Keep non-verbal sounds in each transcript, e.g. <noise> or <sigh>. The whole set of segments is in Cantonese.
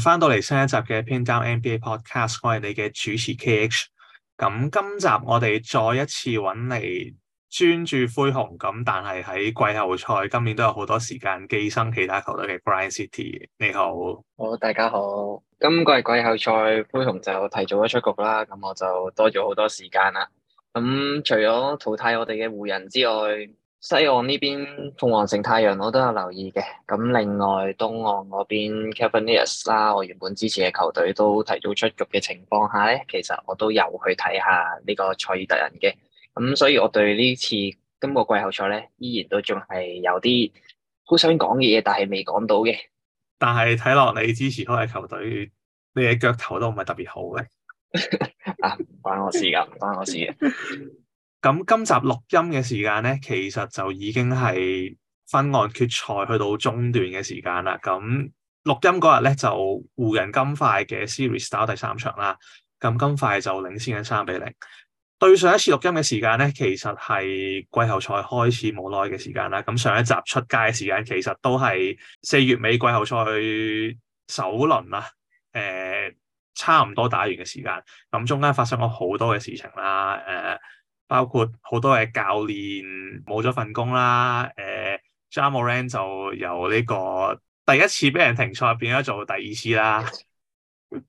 翻到嚟新一集嘅《Pin Down NBA Podcast》，我係你嘅主持 KH。咁今集我哋再一次搵嚟專注灰熊，咁但係喺季後賽今年都有好多時間寄生其他球隊嘅 Grind City，你好，好，大家好。今季季後賽灰熊就提早咗出局啦，咁我就多咗好多時間啦。咁除咗淘汰我哋嘅湖人之外，西岸呢邊鳳凰城太陽我都有留意嘅，咁另外東岸嗰邊 Cavaliers 啦，我原本支持嘅球隊都提早出局嘅情況下咧，其實我都有去睇下呢個賽爾特人嘅，咁所以我對呢次今個季後賽咧，依然都仲係有啲好想講嘅嘢，但係未講到嘅。但係睇落你支持開嘅球隊，你嘅腳頭都唔係特別好嘅。 <laughs> 啊，唔關我事噶，唔關我事嘅。 <laughs> 咁今集錄音嘅時間咧，其實就已經係分岸決賽去到中段嘅時間啦。咁錄音嗰日咧，就湖人金塊嘅 series 打第三場啦。咁金塊就領先緊三比零。對上一次錄音嘅時間咧，其實係季後賽開始冇耐嘅時間啦。咁上一集出街嘅時間，其實都係四月尾季後賽首輪啦。誒、呃，差唔多打完嘅時間。咁中間發生咗好多嘅事情啦。誒、呃。包括好多嘅教練冇咗份工啦，誒 Ja Morant 就由呢、這個第一次俾人停賽變咗做第二次啦。 <laughs>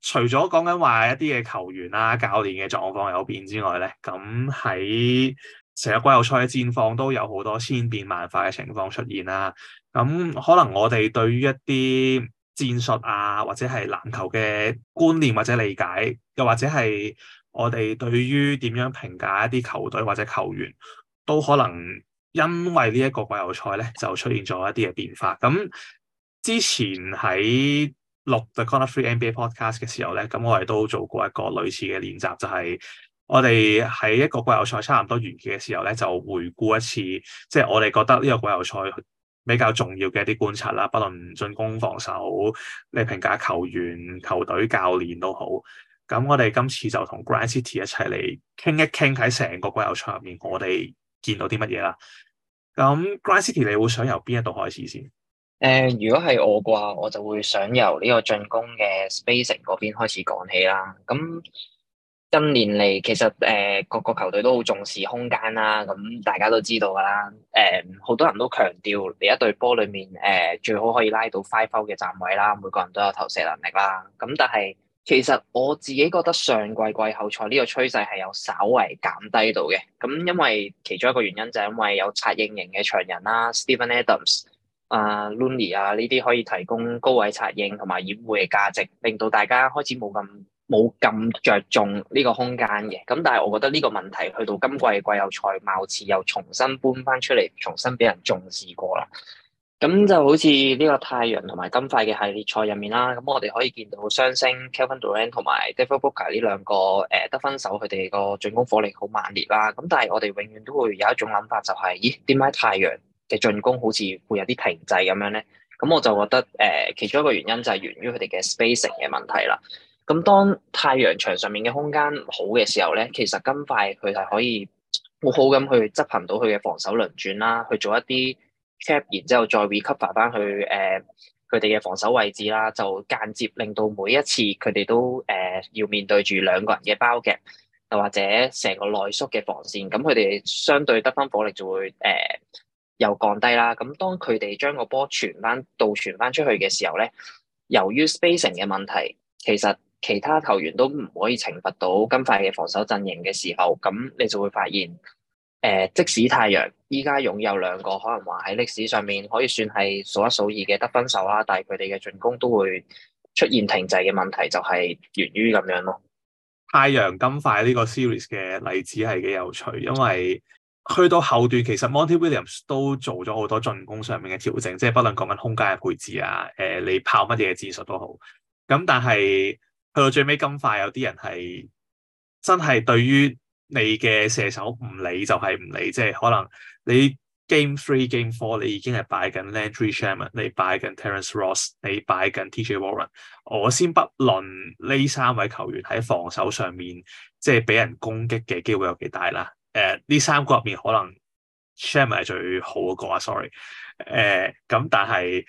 除咗講緊話一啲嘅球員啦、教練嘅狀況有變之外咧，咁喺成日季後賽嘅戰況都有好多千變萬化嘅情況出現啦。咁可能我哋對於一啲戰術啊，或者係籃球嘅觀念或者理解，又或者係。我哋對於點樣評價一啲球隊或者球員，都可能因為呢一個季後賽咧，就出現咗一啲嘅變化。咁之前喺錄 The Corner Three NBA Podcast 嘅時候咧，咁我哋都做過一個類似嘅練習，就係我哋喺一個季後賽差唔多完結嘅時候咧，就回顧一次，即係我哋覺得呢個季後賽比較重要嘅一啲觀察啦，不論進攻、防守，你評價球員、球隊、教練都好。咁我哋今次就同 GrindCity 一齊嚟，傾一傾喺成個季後賽入面，我哋見到啲乜嘢啦？咁 GrindCity，你會想由邊一度開始先？誒、呃，如果係我嘅話，我就會想由呢個進攻嘅 spacing 嗰邊開始講起啦。咁近年嚟，其實誒、呃，各個球隊都好重視空間啦，咁大家都知道噶啦。誒、呃，好多人都強調，你一隊波裏面誒、呃，最好可以拉到 five out 嘅站位啦，每個人都有投射能力啦。咁但係。其實我自己覺得上季季後賽呢個趨勢係有稍微減低到嘅，咁因為其中一個原因就係因為有策應型嘅長人啦，Steven Adams 啊、uh, Looney 啊，呢啲可以提供高位策應同埋掩護嘅價值，令到大家開始冇咁冇咁着重呢個空間嘅，咁但係我覺得呢個問題去到今季季後賽，貌似又重新搬翻出嚟，重新俾人重視過啦。咁就好似呢個太陽同埋金塊嘅系列賽入面啦，咁我哋可以見到雙星 Kevin Durant 同埋 Devin Booker 呢兩個誒、呃、得分手，佢哋個進攻火力好猛烈啦。咁但係我哋永遠都會有一種諗法，就是，就係咦點解太陽嘅進攻好似會有啲停滯咁樣咧？咁我就覺得誒、呃、其中一個原因就係源於佢哋嘅 spacing 嘅問題啦。咁當太陽場上面嘅空間唔好嘅時候咧，其實金塊佢係可以好好咁去執行到佢嘅防守輪轉啦，去做一啲。cap，然之後再 recover 翻去誒佢哋嘅防守位置啦，就間接令到每一次佢哋都誒要面對住兩個人嘅包夾，又或者成個內縮嘅防線，咁佢哋相對得分火力就會誒、呃、又降低啦。咁當佢哋將個波傳翻倒傳翻出去嘅時候咧，由於 space 嘅問題，其實其他球員都唔可以懲罰到金塊嘅防守陣營嘅時候，咁你就會發現。誒、呃，即使太陽依家擁有兩個可能話喺歷史上面可以算係數一數二嘅得分手啦，但係佢哋嘅進攻都會出現停滯嘅問題，就係、是、源於咁樣咯。太陽金塊呢個 series 嘅例子係幾有趣，因為去到後段其實 Monty Williams 都做咗好多進攻上面嘅調整，即係不論講緊空間嘅配置啊，誒、呃，你跑乜嘢嘅戰術都好，咁但係去到最尾金塊有啲人係真係對於。你嘅射手唔理就係唔理，即係可能你 Game Three、Game Four 你已經係擺緊 Landry Shamet，你擺緊 Terrence Ross，你擺緊 TJ Warren。我先不論呢三位球員喺防守上面即係俾人攻擊嘅機會有幾大啦。誒，呢三個入面可能 Shamet 係最好嗰個啊。Sorry，誒咁，uh, 但係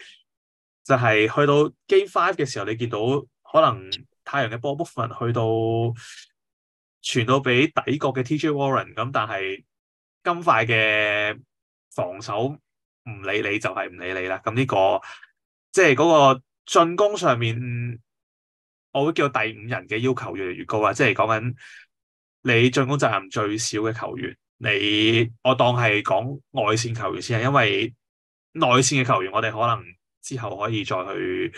就係、是、去到 Game Five 嘅時候，你見到可能太陽嘅 Bol Bol 去到。傳到俾底角嘅 T.J. Warren 咁，但係金塊嘅防守唔理你就係唔理你啦。咁呢個即係嗰個進攻上面，我會叫第五人嘅要求越嚟越高啦。即係講緊你進攻責任最少嘅球員，你我當係講外線球員先，因為內線嘅球員我哋可能之後可以再去。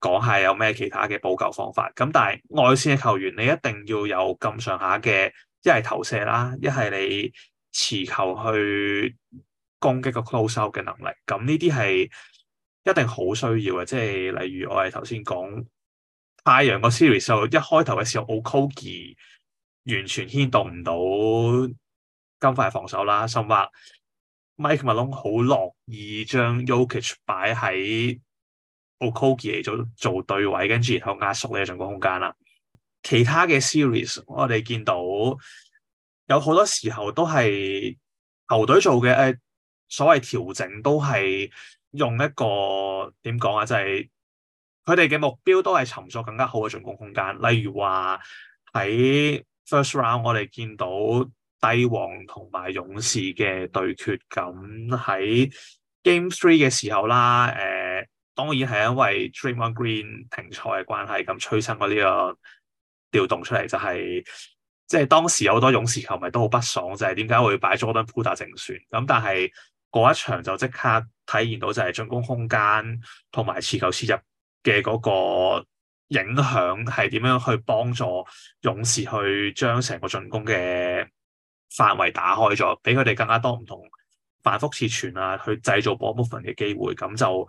講下有咩其他嘅補救方法？咁但係外線嘅球員，你一定要有咁上下嘅，一係投射啦，一係你持球去攻擊個 closeout 嘅能力。咁呢啲係一定好需要嘅。即係例如我係頭先講太陽個 series 就一開頭嘅時候，O'Kogie 完全牽動唔到金塊防守啦，甚至 Mike Malone 好樂意將 Yokich、ok、擺喺。Okogie 嚟做做對位，跟住然後壓縮你嘅進攻空間啦。其他嘅 series，我哋見到有好多時候都係球隊做嘅，誒、呃，所謂調整都係用一個點講啊，就係佢哋嘅目標都係尋找更加好嘅進攻空間。例如話喺 First Round，我哋見到帝王同埋勇士嘅對決，咁喺 Game Three 嘅時候啦，誒、呃。當然係因為 Draymond Green 停賽嘅關係，咁催生過呢個調動出嚟，就係即係當時有好多勇士球迷都好不爽就，就係點解會擺咗 Jordan Poole 正選。咁但係嗰一場就即刻體現到就係進攻空間同埋持球切入嘅嗰個影響係點樣去幫助勇士去將成個進攻嘅範圍打開咗，俾佢哋更加多唔同反覆切傳啊，去製造 ball movement 嘅機會，咁就。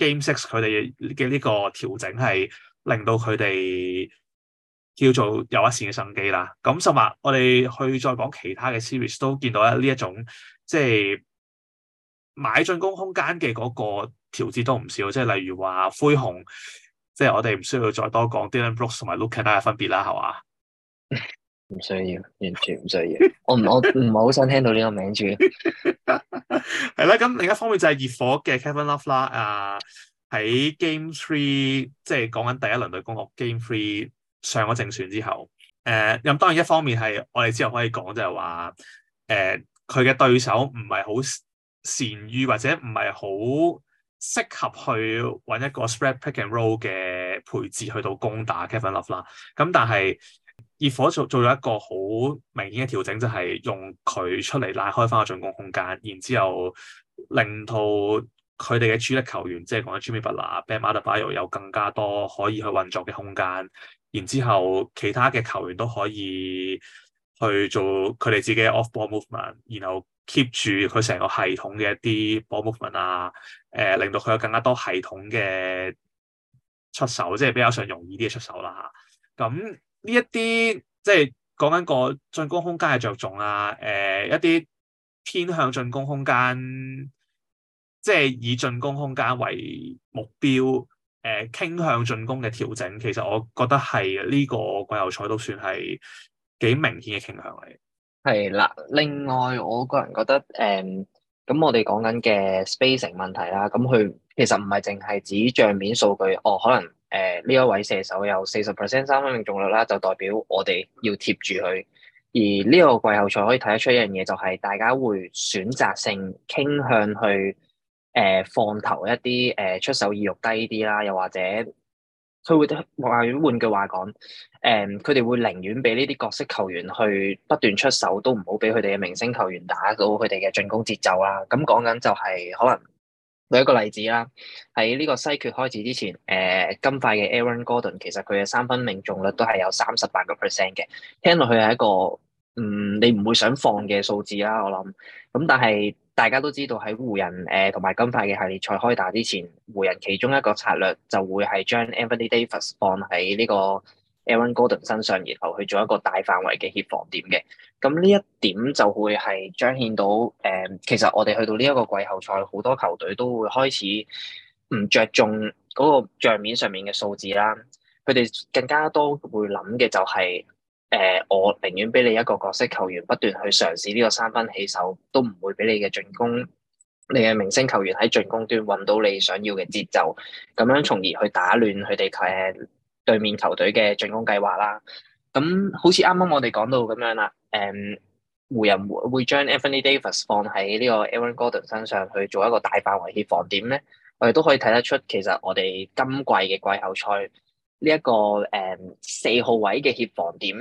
Game 6佢哋嘅呢個調整係令到佢哋叫做有一線嘅生機啦。咁十物，我哋去再講其他嘅 series 都見到呢一種即係買進攻空間嘅嗰個調節都唔少。即係例如話灰熊，即係我哋唔需要再多講 Dylan Brooks 同埋 Luke Kennard 嘅分別啦，係嘛？ <laughs> 唔需要，完全唔需要。我唔我唔係好想聽到呢個名字。係啦、 <laughs> 啊，咁另一方面就係熱火嘅 Kevin Love 啦。啊，喺 Game Three，即係講緊第一輪對攻。我 Game Three 上咗正選之後，誒，咁當然一方面係我哋之後可以講就係話，誒，佢嘅對手唔係好善於或者唔係好適合去搵一個 Spread Pick and Roll 嘅配置去到攻打 Kevin Love 啦。咁但係。熱火做做咗一個好明顯嘅調整，就係、是、用佢出嚟拉開翻個進攻空間，然之後令到佢哋嘅主力球員，即係講緊 Jimmy Butler、Bam Adebayo 有更加多可以去運作嘅空間。然之後其他嘅球員都可以去做佢哋自己嘅 off ball movement，然後 keep 住佢成個系統嘅一啲 ball movement 啊，誒、呃，令到佢有更加多系統嘅出手，即係比較上容易啲嘅出手啦嚇。咁呢一啲即係講緊個進攻空間嘅着重啊，誒一啲偏向進攻空間，即係以進攻空間為目標，誒傾向進攻嘅調整，其實我覺得係呢個季後賽都算係幾明顯嘅傾向嚟。係啦，另外我個人覺得誒，咁我哋講緊嘅 spacing 問題啦，咁佢其實唔係淨係指賬面數據，哦可能。誒，呢、呃、一位射手有四十 percent 三分命中率啦，就代表我哋要貼住佢。而呢個季後賽可以睇得出一樣嘢，就是，就係大家會選擇性傾向去誒、呃、放投一啲誒、呃、出手意欲低啲啦，又或者佢會話，如果換句話講，誒、呃，佢哋會寧願俾呢啲角色球員去不斷出手，都唔好俾佢哋嘅明星球員打到佢哋嘅進攻節奏啦。咁講緊就係、是、可能。舉一個例子啦，喺呢個西決開始之前，誒、呃、金塊嘅 Aaron Gordon 其實佢嘅三分命中率都係有三十八個 percent 嘅，聽落去係一個嗯，你唔會想放嘅數字啦，我諗。咁但係大家都知道喺湖人誒同埋金塊嘅系列賽開打之前，湖人其中一個策略就會係將 Anthony Davis 放喺呢、呢個。Aaron Gordon 身上，然後去做一個大範圍嘅協防點嘅，咁呢一點就會係彰顯到誒、呃，其實我哋去到呢一個季後賽，好多球隊都會開始唔着重嗰個帳面上面嘅數字啦，佢哋更加多會諗嘅就係、是、誒、呃，我寧願俾你一個角色球員不斷去嘗試呢個三分起手，都唔會俾你嘅進攻，你嘅明星球員喺進攻端揾到你想要嘅節奏，咁樣從而去打亂佢哋誒。對面球隊嘅進攻計劃啦，咁好似啱啱我哋講到咁樣啦，誒、嗯，湖人，人會會將 Anthony Davis 放喺呢個 Aaron Gordon 身上去做一個大範圍協防點咧，我哋都可以睇得出，其實我哋今季嘅季後賽呢一個誒四、嗯、號位嘅協防點，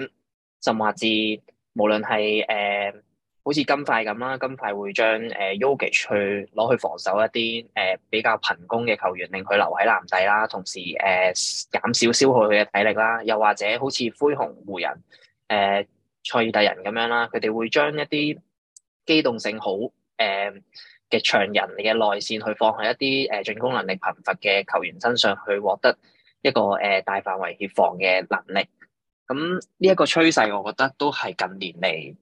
甚至無論係誒。嗯好似金塊咁啦，金塊會將誒 Jokic 去攞去防守一啲誒比較貧攻嘅球員，令佢留喺籃底啦，同時誒減少消耗佢嘅體力啦。又或者好似灰熊、湖人、誒塞爾特人咁樣啦，佢哋會將一啲機動性好誒嘅長人嘅內線去放喺一啲誒進攻能力貧乏嘅球員身上，去獲得一個誒大範圍協防嘅能力。咁呢一個趨勢，我覺得都係近年嚟，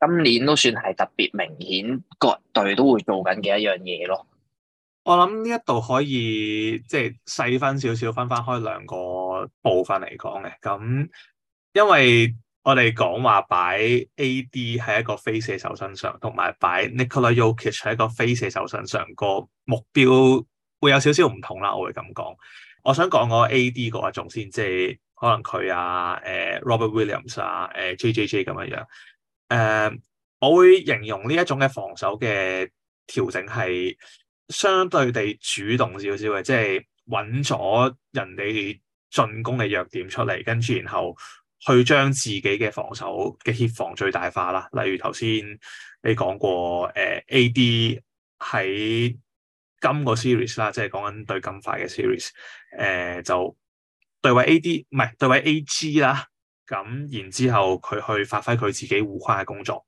今年都算係特別明顯，各隊都會做緊嘅一樣嘢咯。我諗呢一度可以即係細分少少，分翻開兩個部分嚟講嘅。咁因為我哋講話擺 A. D 係一個非射手身上，同埋擺 Nikola Jokic 係一個非射手身上個目標會有少少唔同啦。我會咁講，我想講個 A. D 嗰一種先，即係可能佢啊，誒、呃、Robert Williams 啊，誒、呃、J. J. J 咁樣樣。誒，uh, 我會形容呢一種嘅防守嘅調整係相對地主動少少嘅，即係搵咗人哋進攻嘅弱點出嚟，跟住然後去將自己嘅防守嘅協防最大化啦。例如頭先你講過，誒、uh, A.D 喺今個 series 啦，即係講緊對金塊嘅 series，誒、uh, 就對位 A.D 唔係對位 A.G 啦。咁然之後，佢去發揮佢自己護框嘅工作，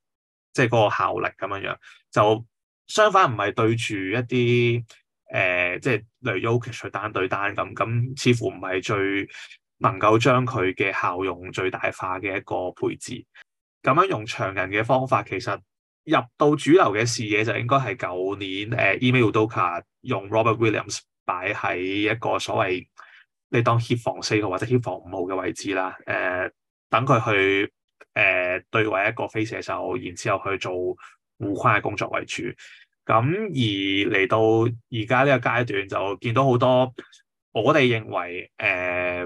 即係嗰個效力咁樣樣，就相反唔係對住一啲誒、呃，即係例如 OKC、ok、單對單咁，咁似乎唔係最能夠將佢嘅效用最大化嘅一個配置。咁樣用長人嘅方法，其實入到主流嘅視野就應該係舊年誒、呃、Ime Udoka 用 Robert Williams 擺喺一個所謂你當協防四號或者協防五號嘅位置啦，誒、呃。等佢去誒、呃、對位一個非射手，然之後去做護框嘅工作為主。咁、嗯、而嚟到而家呢個階段，就見到好多我哋認為誒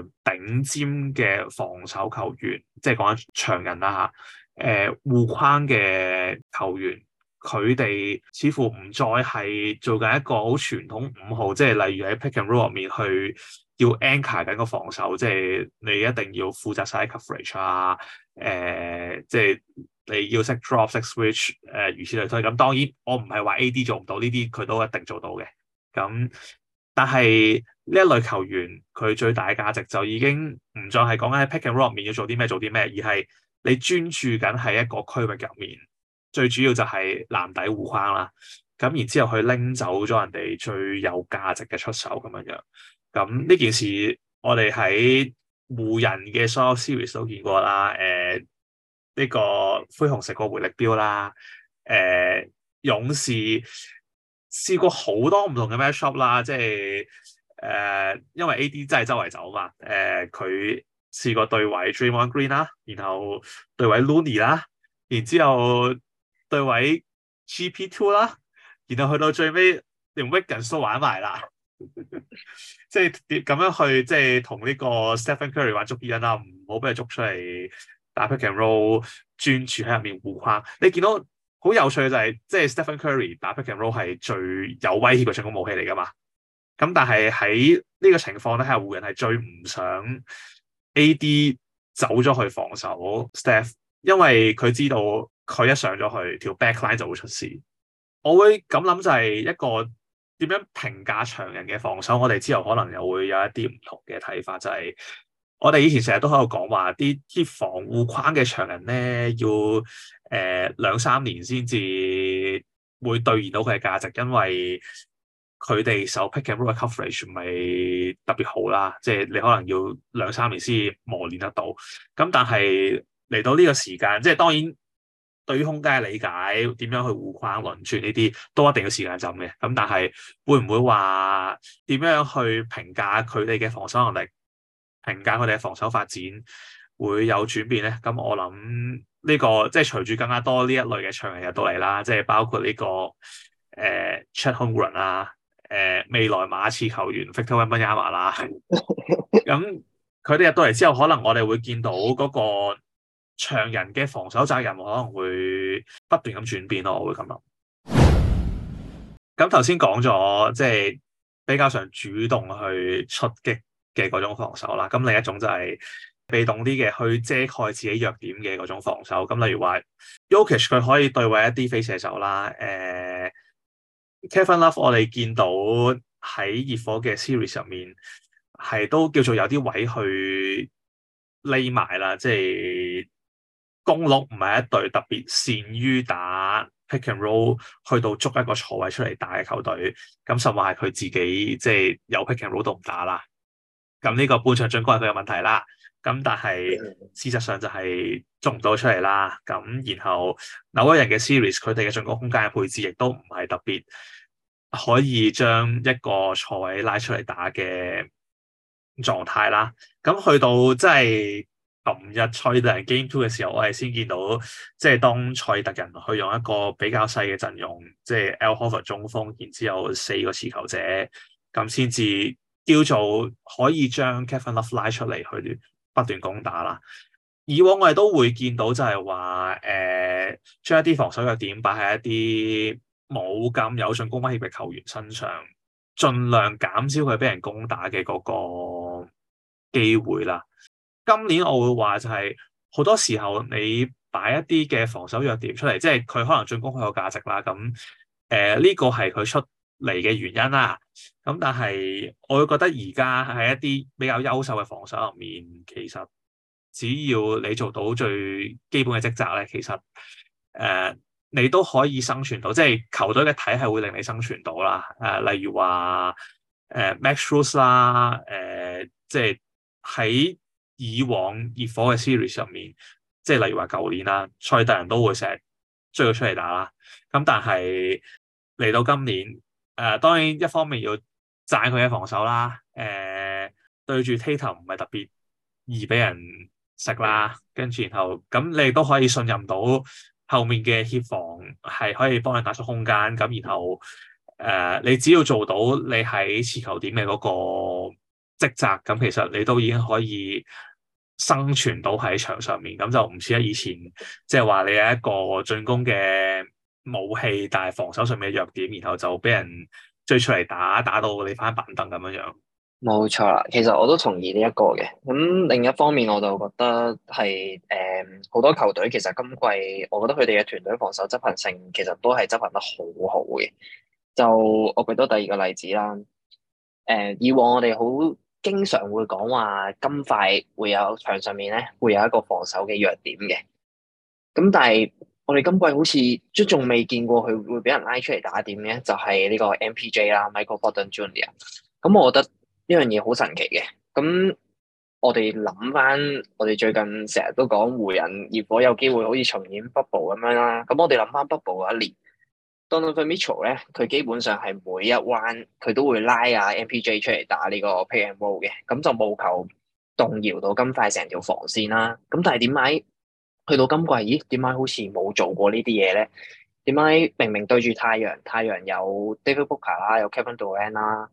頂、呃、尖嘅防守球員，即係講緊長人啦嚇。誒、呃、護框嘅球員，佢哋似乎唔再係做緊一個好傳統五號，即係例如喺 pick and roll 入面去。要 anchor 緊個防守，即係你一定要負責 side coverage 啊，誒、呃，即係你要識 drop、識 switch，誒、呃，如此類推。咁當然，我唔係話 AD 做唔到呢啲，佢都一定做到嘅。咁，但係呢一類球員，佢最大嘅價值就已經唔再係講緊喺 pick and roll 面要做啲咩，做啲咩，而係你專注緊喺一個區域入面，最主要就係籃底護框啦。咁然之後，佢拎走咗人哋最有價值嘅出手咁樣樣。咁呢件事，我哋喺湖人嘅所有 series 都見過啦。誒、呃，呢、這個灰熊食過回力標啦。誒、呃，勇士試過好多唔同嘅 matchup 啦。即係誒、呃，因為 AD 真係周圍走啊嘛。誒、呃，佢試過對位 Draymond Green 啦，然後對位 Looney 啦，然之後對位 GP Two 啦，然後去到最尾連 Wiggins 都玩埋啦。 <laughs> 即係咁樣去即係同呢個 Stephen Curry 玩捉人啦，唔好俾佢捉出嚟打 pick and roll，專注喺入面護框。你見到好有趣嘅就係、是，即係 Stephen Curry 打 pick and roll 係最有威脅嘅進攻武器嚟噶嘛。咁但係喺呢個情況咧，喺湖人係最唔想 AD 走咗去防守 Steph，因為佢知道佢一上咗去條 back line 就會出事。我會咁諗就係一個。點樣評價長人嘅防守？我哋之後可能又會有一啲唔同嘅睇法，就係、是、我哋以前成日都喺度講話啲啲防護框嘅長人咧，要誒、呃、兩三年先至會兌現到佢嘅價值，因為佢哋受 pick 嘅 roll coverage 唔係特別好啦，即、就、係、是、你可能要兩三年先磨練得到。咁但係嚟到呢個時間，即係當然。對於空間嘅理解點樣去互框輪轉呢啲，都一定要時間浸嘅。咁但係會唔會話點樣去評價佢哋嘅防守能力？評價佢哋嘅防守發展會有轉變咧？咁我諗呢、這個即係隨住更加多呢一類嘅長人入到嚟啦，即係包括呢、這個誒、呃、Chet Holmgren 啦、呃，未來馬刺球員 Victor Wembanyama 啦。咁佢哋入到嚟之後，可能我哋會見到嗰、那個。長人嘅防守責任可能會不斷咁轉變咯，我會咁諗。咁頭先講咗，即 <noise> 係、就是、比較常主動去出擊嘅嗰種防守啦。咁另一種就係被動啲嘅，去遮蓋自己弱點嘅嗰種防守。咁例如話，Jokic 佢可以對位一啲非射手啦。誒、呃、Kevin Love 我哋見到喺熱火嘅 series 上面係都叫做有啲位去匿埋啦，即係。公鹿唔係一隊特別善於打 pick and roll，去到捉一個坐位出嚟打嘅球隊，咁甚至係佢自己即係、就是、有 pick and roll 都唔打啦。咁呢個半場進攻係佢嘅問題啦。咁但係事實上就係捉唔到出嚟啦。咁然後紐約人嘅 series，佢哋嘅進攻空間嘅配置亦都唔係特別可以將一個坐位拉出嚟打嘅狀態啦。咁去到即係。今日賽特 Game Two 嘅時候，我係先見到，即係當賽特人去用一個比較細嘅陣容，即係 Al Horford 中鋒，然之後四個持球者，咁先至叫做可以將 Kevin Love 拉出嚟去不斷攻打啦。以往我哋都會見到就係話，誒、呃，將一啲防守嘅點擺喺一啲冇咁有進攻威脅嘅球員身上，盡量減少佢俾人攻打嘅嗰個機會啦。今年我會話就係，是，好多時候你擺一啲嘅防守弱點出嚟，即係佢可能進攻好有價值啦。咁誒呢個係佢出嚟嘅原因啦。咁但係我會覺得而家喺一啲比較優秀嘅防守入面，其實只要你做到最基本嘅職責咧，其實誒，呃、你都可以生存到，即係球隊嘅體系會令你生存到啦。誒、呃，例如話誒、呃、Max Strus 啦，誒即係喺。以往熱火嘅 series 入面，即係例如話舊年啦，賽特人都會成日追佢出嚟打啦。咁但係嚟到今年，誒、呃、當然一方面要讚佢嘅防守啦，誒、呃、對住 Tatum 唔係特別易俾人食啦。跟住然後咁，你都可以信任到後面嘅協防係可以幫你打出空間。咁然後誒、呃，你只要做到你喺持球點嘅嗰個職責，咁其實你都已經可以，生存到喺場上面，咁就唔似得以前，即係話你有一個進攻嘅武器，但係防守上面嘅弱點，然後就俾人追出嚟打，打到你翻板凳咁樣樣。冇錯啦，其實我都同意呢一個嘅。咁另一方面，我就覺得係誒好多球隊，其實今季我覺得佢哋嘅團隊防守執行性，其實都係執行得好好嘅。就我畀多第二個例子啦，誒、嗯、以往我哋好。經常會講話金塊會有場上面咧會有一個防守嘅弱點嘅，咁但係我哋今季好似都仲未見過佢會俾人拉出嚟打點嘅，就係、是、呢個 MPJ 啦，Michael Porter Jr.，咁我覺得呢樣嘢好神奇嘅，咁我哋諗翻我哋最近成日都講湖人、熱火有機會好似重演 Bubble 咁樣啦，咁我哋諗翻 Bubble 嗰一年。Donovan Mitchell 咧，佢基本上係每一彎佢都會拉啊 MPJ 出嚟打呢個 pick and roll 嘅，咁就冇求動搖到咁快成條防線啦。咁但係點解去到今季，咦？點解好似冇做過呢啲嘢咧？點解明明對住太陽，太陽有 David Booker 啦，有 Kevin Durant 啦，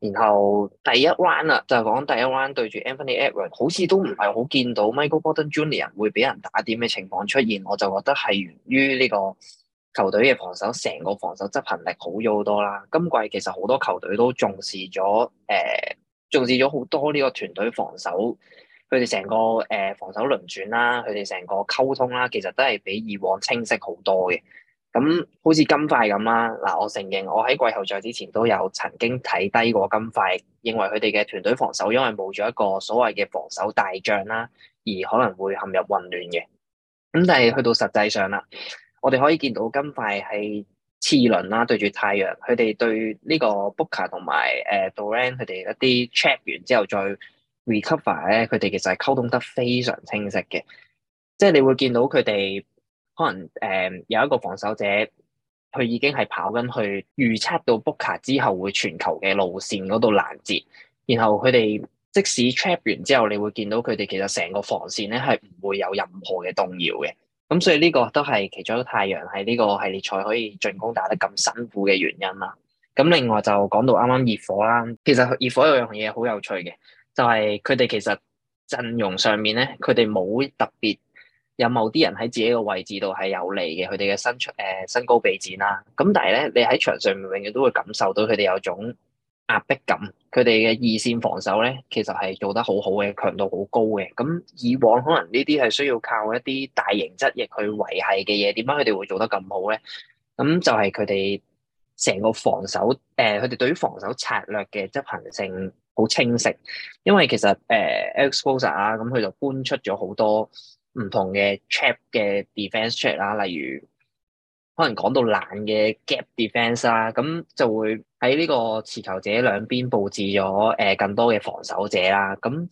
然後第一彎啊，就係、講第一彎對住 Anthony Edwards，好似都唔係好見到 Michael Porter Jr 會俾人打點嘅情況出現，我就覺得係源於呢、呢個。球隊嘅防守，成個防守執行力好咗好多啦。今季其實好多球隊都重視咗，誒、呃，重視咗好多呢個團隊防守，佢哋成個誒、呃、防守輪轉啦，佢哋成個溝通啦，其實都係比以往清晰好多嘅。咁好似金塊咁啦，嗱，我承認我喺季後賽之前都有曾經睇低過金塊，認為佢哋嘅團隊防守因為冇咗一個所謂嘅防守大將啦，而可能會陷入混亂嘅。咁但係去到實際上啦。我哋可以見到金塊係次輪啦、啊，對住太陽，佢哋對呢個 Booker 同埋誒 Durant 佢哋一啲 trap 完之後再 recover 咧，佢哋其實係溝通得非常清晰嘅。即係你會見到佢哋可能誒、呃、有一個防守者，佢已經係跑緊去預測到 Booker 之後會傳球嘅路線嗰度攔截，然後佢哋即使 trap 完之後，你會見到佢哋其實成個防線咧係唔會有任何嘅動搖嘅。咁所以呢個都係其中一個太陽喺呢個系列賽可以進攻打得咁辛苦嘅原因啦。咁另外就講到啱啱熱火啦，其實熱火有樣嘢好有趣嘅，就係佢哋其實陣容上面咧，佢哋冇特別有某啲人喺自己個位置度係有利嘅，佢哋嘅身長誒身高臂展啦。咁但係咧，你喺場上面永遠都會感受到佢哋有種。壓迫感，佢哋嘅二線防守咧，其實係做得好好嘅，強度好高嘅。咁以往可能呢啲係需要靠一啲大型側翼去維繫嘅嘢，點解佢哋會做得咁好咧？咁就係佢哋成個防守，誒佢哋對於防守策略嘅執行性好清晰。因為其實誒、呃、exposure 啊，咁佢就搬出咗好多唔同嘅 trap 嘅 defense trap 啦，例如，可能講到爛嘅 gap defence 啦，咁就會喺呢個持球者兩邊佈置咗誒、呃、更多嘅防守者啦。咁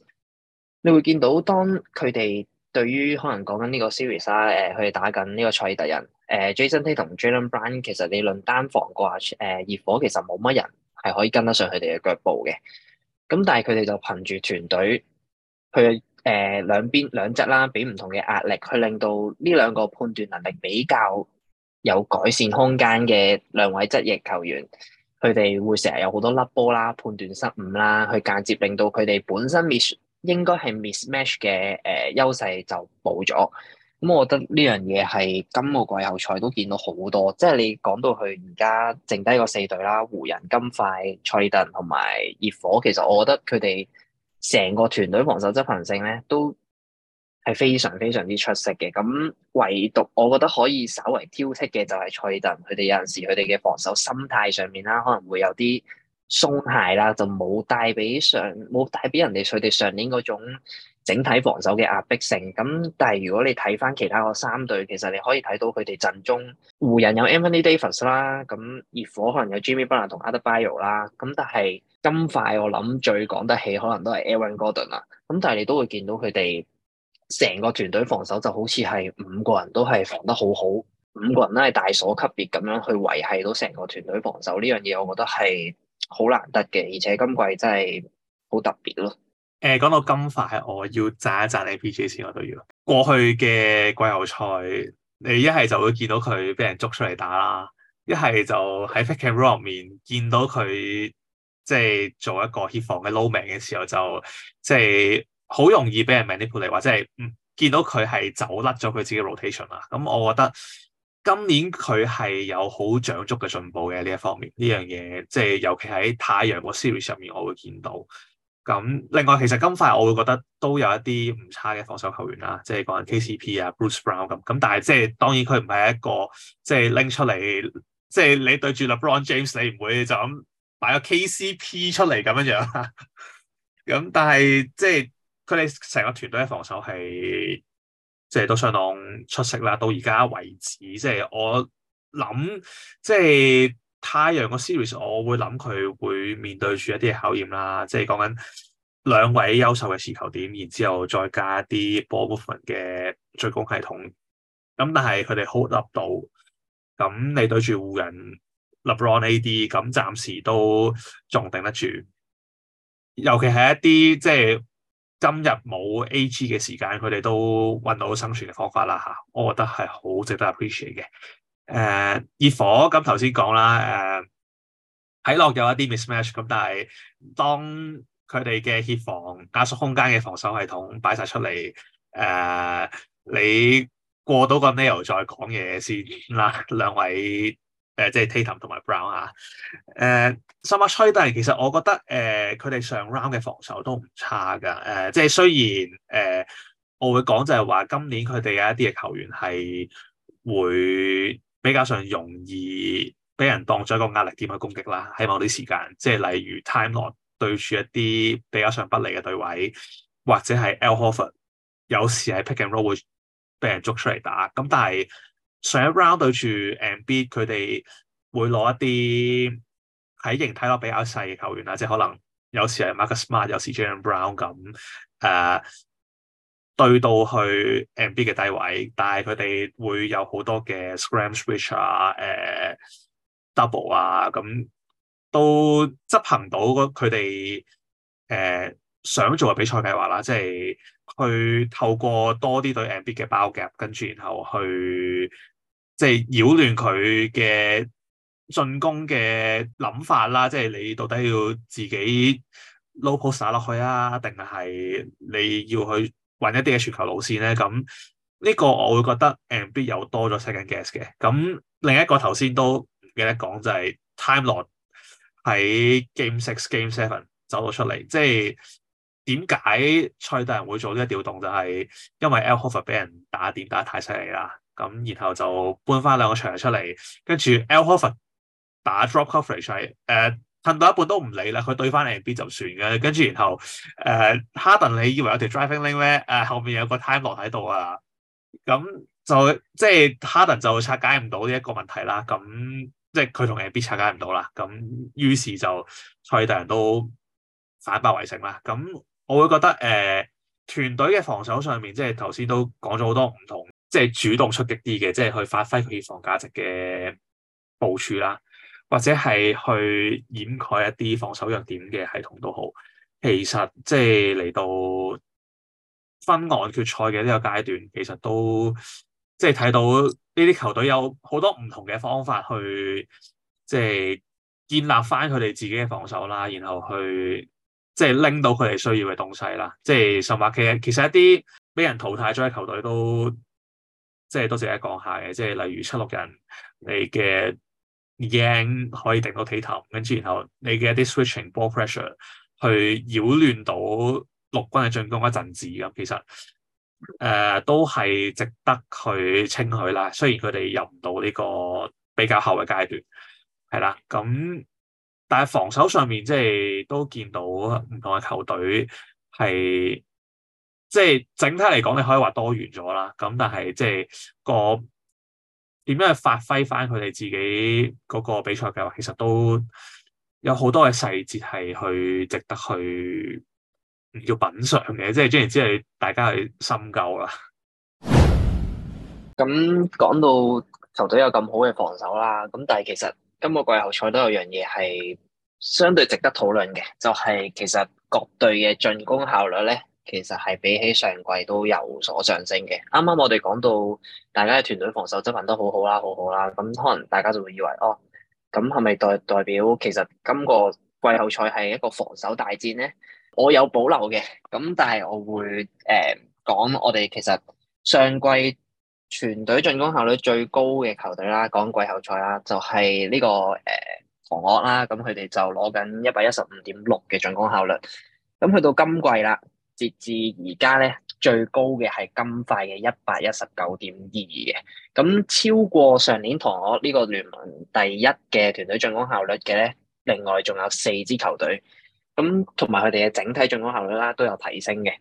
你會見到當佢哋對於可能講緊呢個 series 啦、呃，佢哋打緊呢個賽爾特人，誒、呃、Jason T 同 Jalen Brown 其實理論單防掛，誒熱火其實冇乜人係可以跟得上佢哋嘅腳步嘅。咁但係佢哋就憑住團隊佢誒兩邊兩側啦，俾唔同嘅壓力去令到呢兩個判斷能力比較。有改善空間嘅兩位質役球員，佢哋會成日有好多甩波啦、判斷失誤啦，去間接令到佢哋本身 miss 應該係 miss match 嘅誒、呃、優勢就冇咗。咁、嗯、我覺得呢樣嘢係今個季後賽都見到好多。即係你講到佢而家剩低個四隊啦，湖人、金塊、塞爾特同埋熱火，其實我覺得佢哋成個團隊防守執行性咧都，係非常非常之出色嘅，咁唯獨我覺得可以稍為挑剔嘅就係賽頓，佢哋有陣時佢哋嘅防守心態上面啦，可能會有啲鬆懈啦，就冇帶俾上冇帶俾人哋佢哋上年嗰種整體防守嘅壓迫性。咁但係如果你睇翻其他個三隊，其實你可以睇到佢哋陣中，湖人有 Anthony Davis 啦，咁熱火可能有 Jimmy Butler 同 Adebayo 啦，咁但係金塊我諗最講得起可能都係 Aaron Gordon 啦。咁但係你都會見到佢哋。成個團隊防守就好似係五個人都係防得好好，五個人都係大鎖級別咁樣去維係到成個團隊防守呢樣嘢，我覺得係好難得嘅，而且今季真係好特別咯。誒、呃，講到今季，我要贊一贊 APJ 先，我都要。過去嘅季後賽，你一係就會見到佢俾人捉出嚟打啦，一係就喺 pick and roll 入面見到佢即係做一個協防嘅 low man 嘅時候，就即係。好容易俾人 manipulate，或者係嗯見到佢係走甩咗佢自己 rotation 啦。咁、嗯、我覺得今年佢係有好長足嘅進步嘅，呢一方面呢樣嘢，即係、嗯、尤其喺太陽個 series 上面，我會見到。咁、嗯、另外其實金塊，我會覺得都有一啲唔差嘅防守球員啦，即係講 KCP 啊、Bruce Brown 咁。咁但係即係當然佢唔係一個即係拎出嚟，即、就、係、是、你對住 LeBron James，你唔會就咁擺個 KCP 出嚟咁樣樣。咁但係即係。佢哋成個團隊嘅防守係，即係都相當出色啦。到而家為止，即係我諗，即係太陽個 series，我會諗佢會面對住一啲考驗啦。即係講緊兩位優秀嘅持球點，然之後再加啲 ball movement 嘅追攻系統。咁但係佢哋 hold up 到，咁你對住湖人 LeBron AD，咁暫時都仲頂得住。尤其係一啲即係。就是今日冇 A.G. 嘅時間，佢哋都揾到生存嘅方法啦嚇，我覺得係好值得 appreciate 嘅。誒、uh, 熱火咁頭先講啦，誒睇落有一啲 mismatch，咁但係當佢哋嘅協防加速空間嘅防守系統擺晒出嚟，誒、uh, 你過到個 nail 再講嘢先啦，兩位。誒、呃，即係 Tatum 同埋 Brown 吓、呃，誒，實話吹，但係其實我覺得，誒、呃，佢哋上 round 嘅防守都唔差噶。誒、呃，即係雖然，誒、呃，我會講就係話，今年佢哋有一啲嘅球員係會比較上容易俾人當咗一個壓力點去攻擊啦，喺某啲時間，即係例如 Tillman 對住一啲比較上不利嘅對位，或者係 Al Horford 有時係 pick and roll 會俾人捉出嚟打，咁但係。上一 round 對住 M.B. 佢哋會攞一啲喺形體落比較細嘅球員啦，即係可能有時係 Marcus Smart 有時 Jaylen Brown 咁誒、呃，對到去 M.B. 嘅低位，但係佢哋會有好多嘅 Scram Switch 啊、誒、呃、Double 啊咁，都執行到佢哋誒想做嘅比賽計劃啦，即係去透過多啲對 M.B. 嘅包夾跟住然後去。即係擾亂佢嘅進攻嘅諗法啦，即係你到底要自己 low post 落去啊，定係你要去揾一啲嘅傳球路綫咧？咁呢個我會覺得誒，必有多咗 second guess 嘅。咁另一個頭先都唔記得講就係 Time Lord 喺 Game Six Game Seven 走咗出嚟，即係點解賽特人會做呢個調動？就係因為 Al Horford 俾人打點打得太犀利啦。咁然後就搬翻兩個場出嚟，跟住 Al Horford 打 drop coverage 係、呃、誒，撐到一半都唔理啦，佢對翻 A B 就算嘅。跟住然後誒、呃、Harden，你以為有條 driving lane 咩？誒、呃、後面有個 time 落喺度啊。咁就即係 Harden 就拆解唔到呢一個問題啦。咁即係佢同 A B 拆解唔到啦。咁於是就塞爾特人都反敗為勝啦。咁我會覺得誒、呃、團隊嘅防守上面，即係頭先都講咗好多唔同。即係主動出擊啲嘅，即係去發揮佢防價值嘅部署啦，或者係去掩蓋一啲防守弱點嘅系統都好。其實即係嚟到分區決賽嘅呢個階段，其實都即係睇到呢啲球隊有好多唔同嘅方法去，即係建立返佢哋自己嘅防守啦，然後去即係拎到佢哋需要嘅東西啦。即係甚至乎，其實一啲俾人淘汰咗嘅球隊都。即係多謝你講下嘅，即係例如七六人你嘅 y e 可以定到睇頭，跟住然後你嘅一啲 switching ball pressure 去擾亂到綠軍嘅進攻一陣子咁，其實誒、呃、都係值得去稱佢啦。雖然佢哋入唔到呢個比較後嘅階段，係啦，咁但係防守上面即係都見到唔同嘅球隊係。即係整體嚟講，你可以話多元咗啦。咁但係即係個點樣去發揮翻佢哋自己嗰個比賽計劃，其實都有好多嘅細節係去值得去唔要品嘗嘅。即係，總而言之，大家去深究啦。咁講到球隊有咁好嘅防守啦，咁但係其實今個季後賽都有樣嘢係相對值得討論嘅，就係、是、其實各隊嘅進攻效率咧。其實係比起上季都有所上升嘅。啱啱我哋講到大家嘅團隊防守執行都好、啊、好啦、啊，好好啦。咁可能大家就會以為哦，咁係咪代代表其實今個季後賽係一個防守大戰咧？我有保留嘅，咁但係我會誒講，呃、講我哋其實上季全隊進攻效率最高嘅球隊啦，講季後賽啦，就係、是、呢、這個誒黃鵲啦。咁佢哋就攞緊一百一十五點六嘅進攻效率。咁去到今季啦。截至而家咧，最高嘅係金塊嘅一百一十九點二嘅，咁超過上年同我呢個聯盟第一嘅團隊進攻效率嘅咧，另外仲有四支球隊，咁同埋佢哋嘅整體進攻效率啦都有提升嘅。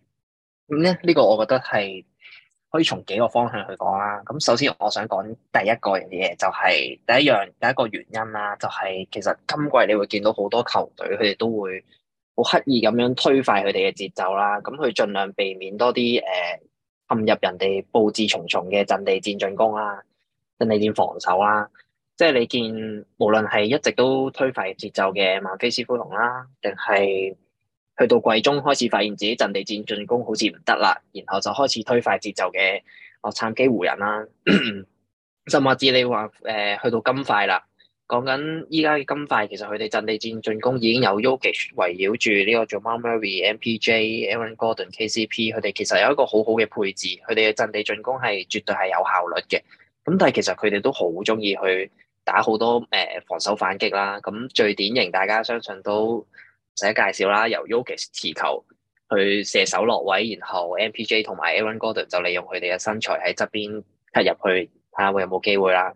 咁咧呢個我覺得係可以從幾個方向去講啦。咁首先我想講第一個嘢，就係第一樣第一個原因啦，就係其實今季你會見到好多球隊佢哋都會，好刻意咁樣推快佢哋嘅節奏啦，咁佢盡量避免多啲誒、呃、陷入人哋布置重重嘅陣地戰進攻啦，陣地戰防守啦。即係你見無論係一直都推快節奏嘅孟菲斯灰熊啦，定係去到季中開始發現自己陣地戰進攻好似唔得啦，然後就開始推快節奏嘅洛杉磯湖人啦。甚至你話誒、呃、去到金塊啦。講緊依家嘅金塊，其實佢哋陣地戰進攻已經有 Jokic 圍繞住呢個 Jamal Murray、MPJ、Aaron Gordon、KCP，佢哋其實有一個好好嘅配置，佢哋嘅陣地進攻係絕對係有效率嘅。咁但係其實佢哋都好中意去打好多誒、呃、防守反擊啦。咁最典型，大家相信都唔使介紹啦，由 Jokic、ok、持球去射手落位，然後 MPJ 同埋 Aaron Gordon 就利用佢哋嘅身材喺側邊踢入去睇下會有冇機會啦。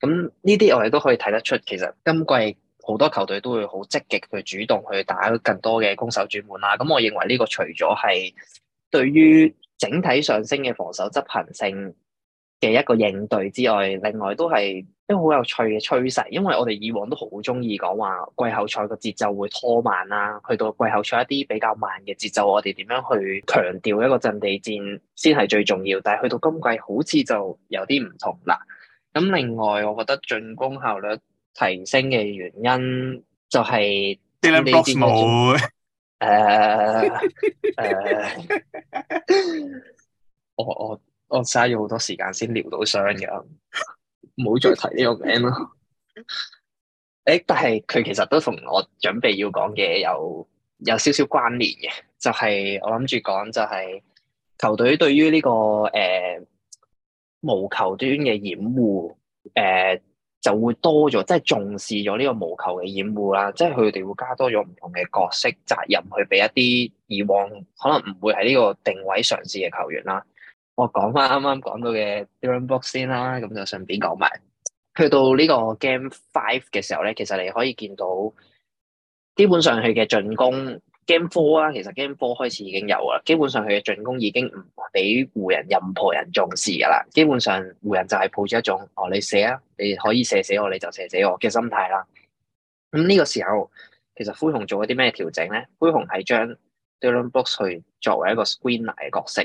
咁呢啲我哋都可以睇得出，其實今季好多球隊都會好積極去主動去打更多嘅攻守轉換啦。咁我認為呢個除咗係對於整體上升嘅防守執行性嘅一個應對之外，另外都係都好有趣嘅趨勢。因為我哋以往都好中意講話季後賽個節奏會拖慢啦，去到季後賽一啲比較慢嘅節奏，我哋點樣去強調一個陣地戰先係最重要。但係去到今季好似就有啲唔同啦。咁另外，我覺得進攻效率提升嘅原因就係呢啲誒誒，我我我嘥咗好多時間先撩到相，噉，唔好再提呢個名咯。誒、 <laughs> 欸，但係佢其實都同我準備要講嘅有有少少關聯嘅，就係、是、我諗住講就係球隊對於呢、這個誒。呃無球端嘅掩護，誒、呃、就會多咗，即係重視咗呢個無球嘅掩護啦。即係佢哋會加多咗唔同嘅角色責任去俾一啲以往可能唔會喺呢個定位嘗試嘅球員啦。我講翻啱啱講到嘅 Durant Box 先啦，咁就順便講埋。去到呢個 Game Five 嘅時候咧，其實你可以見到，基本上佢嘅進攻。Game Four 啊，其實 Game Four 開始已經有啦，基本上佢嘅進攻已經唔俾湖人任何人重視噶啦，基本上湖人就係抱住一種，哦你射啊，你可以射死我，你就射死我嘅心態啦。咁、嗯、呢、這個時候，其實灰熊做咗啲咩調整咧？灰熊係將 Dillon Brooks 去作為一個 screener 嘅角色。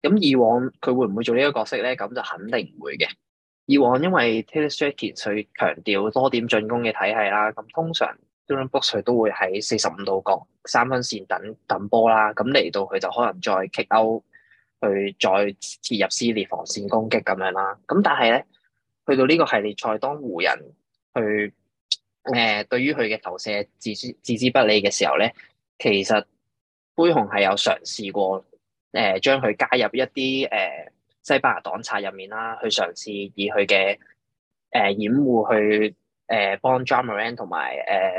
咁以往佢會唔會做呢個角色咧？咁就肯定唔會嘅。以往因為 Taylor Jenkins 去強調多點進攻嘅體系啦，咁通常。Stephen Booker 佢都會喺四十五度角三分線等等波啦，咁嚟到佢就可能再 kick out 去再切入撕裂防線攻擊咁樣啦。咁但係咧，去到呢個系列賽，當湖人去誒、呃、對於佢嘅投射置之置之不理嘅時候咧，其實灰熊係有嘗試過誒將佢加入一啲誒、呃、西班牙擋拆入面啦，去嘗試以佢嘅誒掩護去。誒，幫 Ja Morant 同埋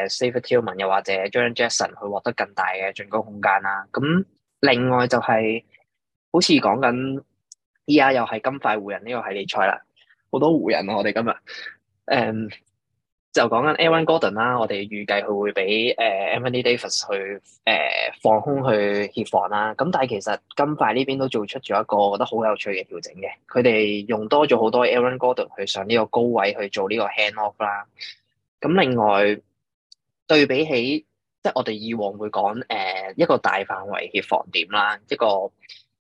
誒 Xavier Tillman 又或者 Jaren Jackson 去獲得更大嘅進攻空間啦。咁、啊、另外就係、是、好似講緊，而家又係金塊湖人呢個系列賽啦。好多湖人、啊、我哋今日誒。嗯就講緊 Aaron Gordon 啦，我哋預計佢會俾誒 Anthony Davis 去誒、呃、放空去協防啦。咁但係其實金塊呢邊都做出咗一個我覺得好有趣嘅調整嘅，佢哋用多咗好多 Aaron Gordon 去上呢個高位去做呢個 hand off 啦。咁另外對比起即係我哋以往會講誒、呃、一個大範圍協防點啦，一個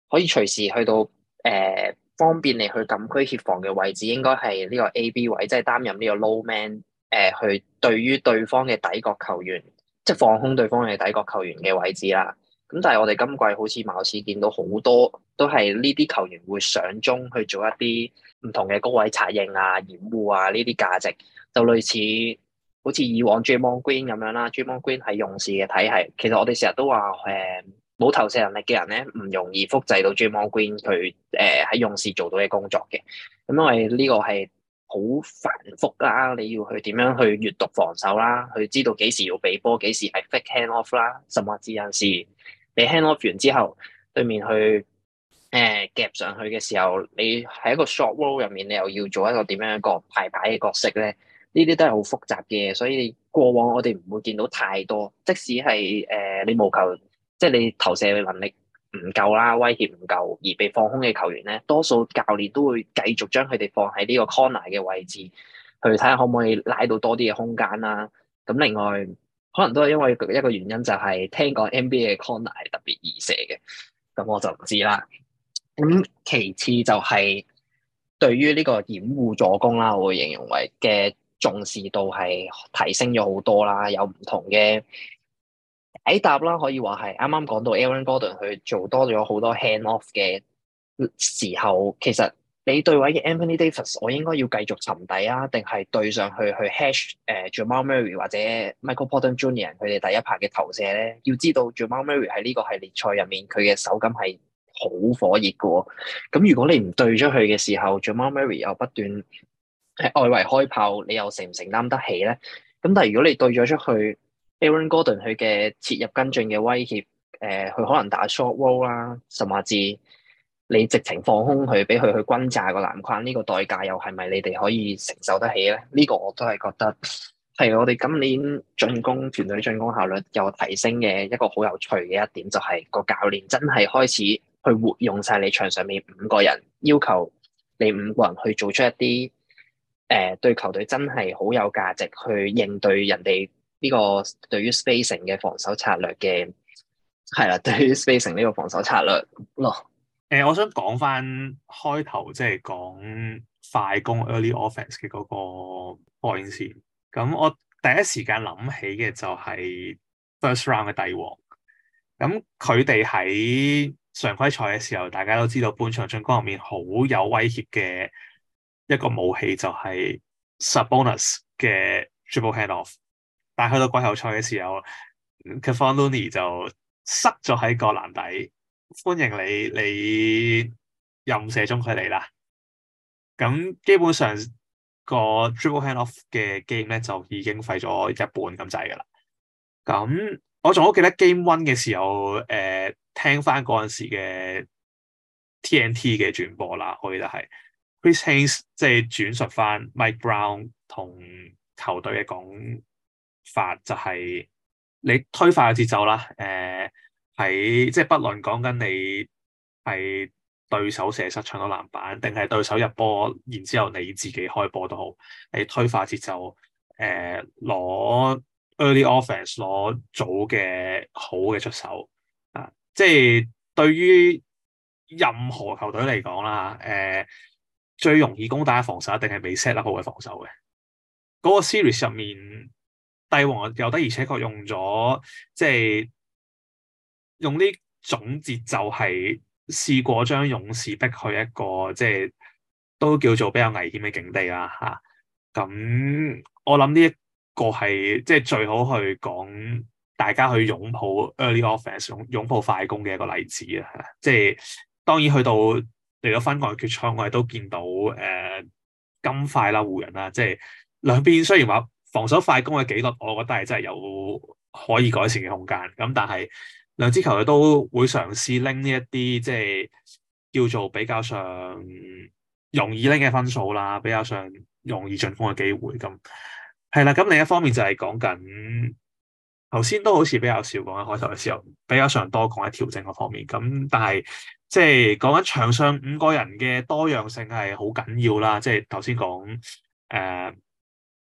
可以隨時去到誒、呃、方便你去禁區協防嘅位置，應該係呢個 AB 位，即係擔任呢個 low man。誒、呃，去對於對方嘅底角球員，即係放空對方嘅底角球員嘅位置啦。咁但係我哋今季好似貌似見到好多都係呢啲球員會上中去做一啲唔同嘅高位策應啊、掩護啊呢啲價值，就類似好似以往 Draymond Green 咁樣啦。Draymond Green 喺勇士嘅體系，其實我哋成日都話誒冇投射能力嘅人咧，唔容易複製到 Draymond Green 佢誒喺勇士做到嘅工作嘅。咁因為呢個係，好繁複啦，你要去點樣去閱讀防守啦，去知道幾時要俾波，幾時係 fake hand off 啦，甚或之有時你 hand off 完之後對面去誒、呃、夾上去嘅時候，你喺一個 short roll 入面，你又要做一個點樣一個排擺嘅角色咧？排排色呢啲都係好複雜嘅，所以過往我哋唔會見到太多。即使係誒、呃、你無球即係你投射嘅能力。唔夠啦，威脅唔夠，而被放空嘅球員咧，多數教練都會繼續將佢哋放喺呢個 corner 嘅位置，去睇下可唔可以拉到多啲嘅空間啦。咁另外，可能都係因為一個原因，就係聽講 NBA 嘅 corner 係特別易射嘅，咁我就唔知啦。咁其次就係對於呢個掩護助攻啦，我會形容為嘅重視度係提升咗好多啦，有唔同嘅解答啦，可以話係啱啱講到 Aaron Gordon 去做多咗好多 hand off 嘅時候，其實你對位嘅 Anthony Davis，我應該要繼續沉底啊？定係對上去去 hash 誒、uh, Jamal Murray 或者 Michael Porter Jr. 佢哋第一排嘅投射咧？要知道 Jamal Murray 喺呢個系列賽入面佢嘅手感係好火熱嘅，咁如果你唔對出去嘅時候 Jamal Murray 又不斷喺外圍開炮，你又承唔承擔得起咧？咁但係如果你對咗出去，Aaron Gordon 佢嘅切入跟進嘅威脅，誒、呃，佢可能打 short roll 啦，甚至你直情放空佢，俾佢去轟炸個籃框，呢、這個代價又係咪你哋可以承受得起咧？呢、這個我都係覺得係我哋今年進攻團隊進攻效率有提升嘅一個好有趣嘅一點，就係、是、個教練真係開始去活用晒你場上面五個人，要求你五個人去做出一啲誒、呃、對球隊真係好有價值去應對人哋。呢個對於 spacing 嘅防守策略嘅係啦，對於 spacing 呢個防守策略咯。誒、哦呃，我想講翻開頭即係講快攻 early offense 嘅嗰個 point 先。咁我第一時間諗起嘅就係 first round 嘅帝王。咁佢哋喺常規賽嘅時候，大家都知道半場進攻入面好有威脅嘅一個武器就係 Sabonis 嘅 dribble hand off。但係去到季後賽嘅時候，Kevon Looney 就塞咗喺個籃底，歡迎你，你任射中佢哋啦。咁基本上、那個 dribble handoff 嘅 game 咧，就已經廢咗一半咁滯噶啦。咁我仲好記得 game one 嘅時候，誒、呃、聽翻嗰陣時嘅 TNT 嘅轉播啦，我記得就係 Chris Haynes 即係轉述翻 Mike Brown 同球隊嘅講。法就係你推快節奏啦，誒、呃，喺即係不論講緊你係對手射失搶到籃板，定係對手入波，然之後你自己開波都好，你推快節奏，誒、呃，攞 early offense 攞早嘅好嘅出手啊，即、呃、係、就是、對於任何球隊嚟講啦，誒、呃，最容易攻打嘅防守一定係未 set up 好嘅防守嘅，嗰、那個 series 入面。帝王又得，而且確用咗即係用呢種節奏，係試過將勇士逼去一個即係、就是、都叫做比較危險嘅境地啦，吓、啊。咁我諗呢一個係即係最好去講，大家去擁抱 early offense 擁抱快攻嘅一個例子啊。即、就、係、是、當然去到嚟咗分區決賽，我哋都見到誒、呃、金塊啦，湖人啦，即係兩邊雖然話，防守快攻嘅紀律，我覺得係真係有可以改善嘅空間。咁但係兩支球隊都會嘗試拎呢一啲即係叫做比較上容易拎嘅分數啦，比較上容易進攻嘅機會。咁係啦。咁另一方面就係講緊頭先都好似比較少講緊開頭嘅時候，比較上多講喺調整嗰方面。咁但係即係講緊場上五個人嘅多樣性係好緊要啦。即係頭先講誒。呃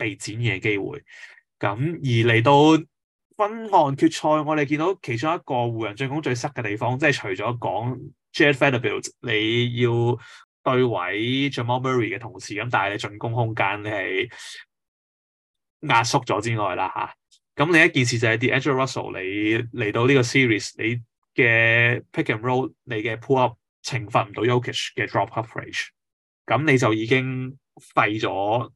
被展嘅機會，咁而嚟到分區決賽，我哋見到其中一個湖人進攻最塞嘅地方，即係除咗講 Jarred Vanderbilt 你要對位 Jamal Murray 嘅同時，咁但係你進攻空間你係壓縮咗之外啦嚇，咁、啊、另一件事就係 D'Angelo Russell 你嚟到呢個 series，你嘅 pick and roll，你嘅 pull up 懲罰唔到 Jokic、ok、嘅 drop coverage，咁你就已經廢咗。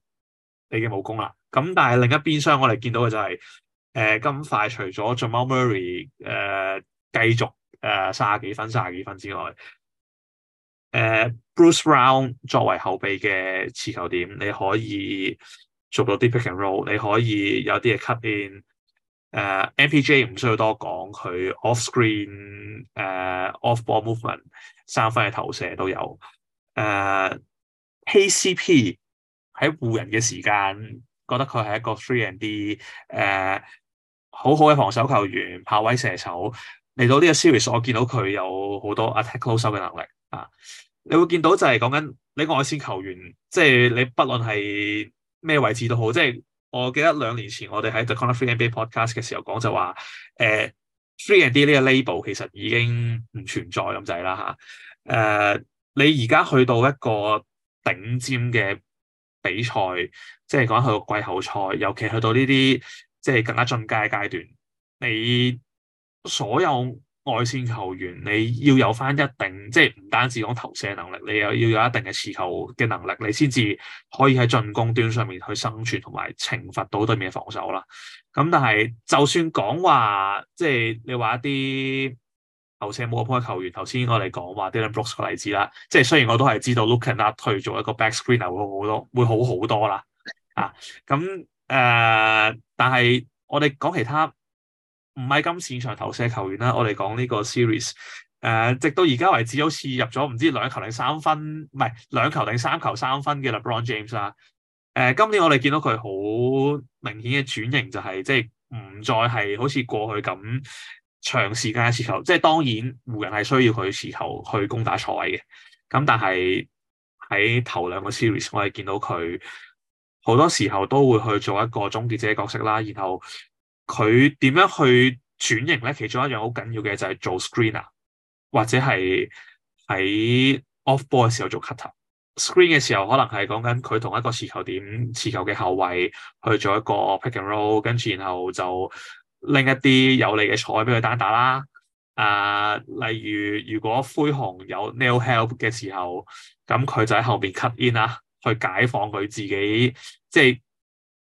你嘅武功啦，咁但係另一邊廂，我哋見到嘅就係、是，誒金塊除咗 Jamal Murray 誒、呃、繼續誒三十幾分三十幾分之外，誒、呃、Bruce Brown 作為後備嘅持球點，你可以做到啲 pick and roll，你可以有啲嘢 cut in，誒、呃、MPJ 唔需要多講，佢 off screen 誒、呃、off ball movement 三分嘅投射都有，誒、呃、KCP。喺湖人嘅時間，覺得佢係一個 three and D，誒好好嘅防守球員，跑位射手，嚟到呢個 series，我見到佢有好多 attack 高手嘅能力啊！你會見到就係講緊你個外線球員，即係你不論係咩位置都好，即係我記得兩年前我哋喺 The Connor Three and D Podcast 嘅時候講就話，誒 three and D 呢個 label 其實已經唔存在咁滯啦嚇，誒、啊呃、你而家去到一個頂尖嘅。比賽即係講去季後賽，尤其去到呢啲即係更加進階嘅階段，你所有外線球員，你要有翻一定即係唔單止講投射能力，你又要有一定嘅持球嘅能力，你先至可以喺進攻端上面去生存同埋懲罰到對面嘅防守啦。咁但係就算講話，即係你話一啲。投射冇個 p o 球員，頭先我哋講話 Dillon Brooks 個例子啦，即係雖然我都係知道 looking 啦，退做一個 back screen 係、er、會好多，會好好多啦，啊，咁誒、呃，但係我哋講其他唔係咁擅長投射球員啦，我哋講呢個 series，誒、呃，直到而家為止好似入咗唔知兩球定三分，唔係兩球定三球三分嘅 LeBron James 啦，誒、呃，今年我哋見到佢好明顯嘅轉型、就是，就係即係唔再係好似過去咁。長時間持球，即係當然湖人係需要佢持球去攻打錯位嘅。咁但係喺頭兩個 series，我係見到佢好多時候都會去做一個終結者嘅角色啦。然後佢點樣去轉型咧？其中一樣好緊要嘅就係做 screener 啊，或者係喺 off ball 嘅時候做 cutter。screen 嘅時候可能係講緊佢同一個持球點持球嘅後衛去做一個 pick and roll，跟住然後就。另一啲有利嘅彩俾佢單打啦，啊、呃，例如如果灰熊有 Nail Help 嘅時候，咁佢就喺後面 cut in 啦，去解放佢自己。即係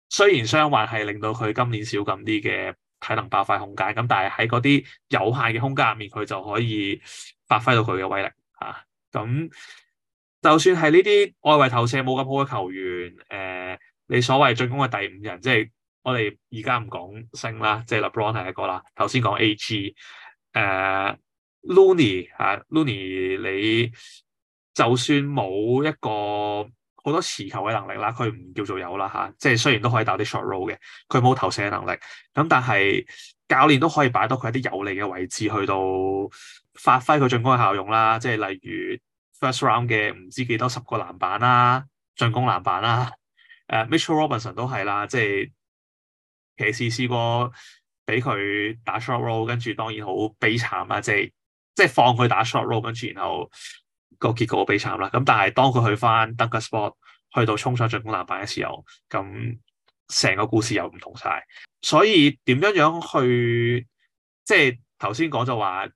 雖然傷患係令到佢今年少咁啲嘅體能爆發空間，咁但係喺嗰啲有限嘅空間入面，佢就可以發揮到佢嘅威力嚇。咁、啊、就算係呢啲外圍投射冇咁好嘅球員，誒、呃，你所謂進攻嘅第五人，即係。我哋而家唔講升啦，即係 LeBron 係一個啦。頭先講 AG，誒、呃、Looney 嚇、啊、Looney 你就算冇一個好多持球嘅能力啦，佢唔叫做有啦嚇、啊。即係雖然都可以打啲 short roll 嘅，佢冇投射嘅能力。咁但係教練都可以擺到佢一啲有利嘅位置去到發揮佢進攻嘅效用啦。即係例如 first round 嘅唔知幾多十個籃板啦，進攻籃板啦。誒、呃、Mitchell Robinson 都係啦，即係。騎士試試過俾佢打 short roll，跟住當然好悲慘啊！即係即係放佢打 short roll，跟住然後個結果好悲慘啦。咁但係當佢去翻 dunk spot，去到衝上進攻籃板嘅時候，咁成個故事又唔同晒。所以點樣樣去即係頭先講就話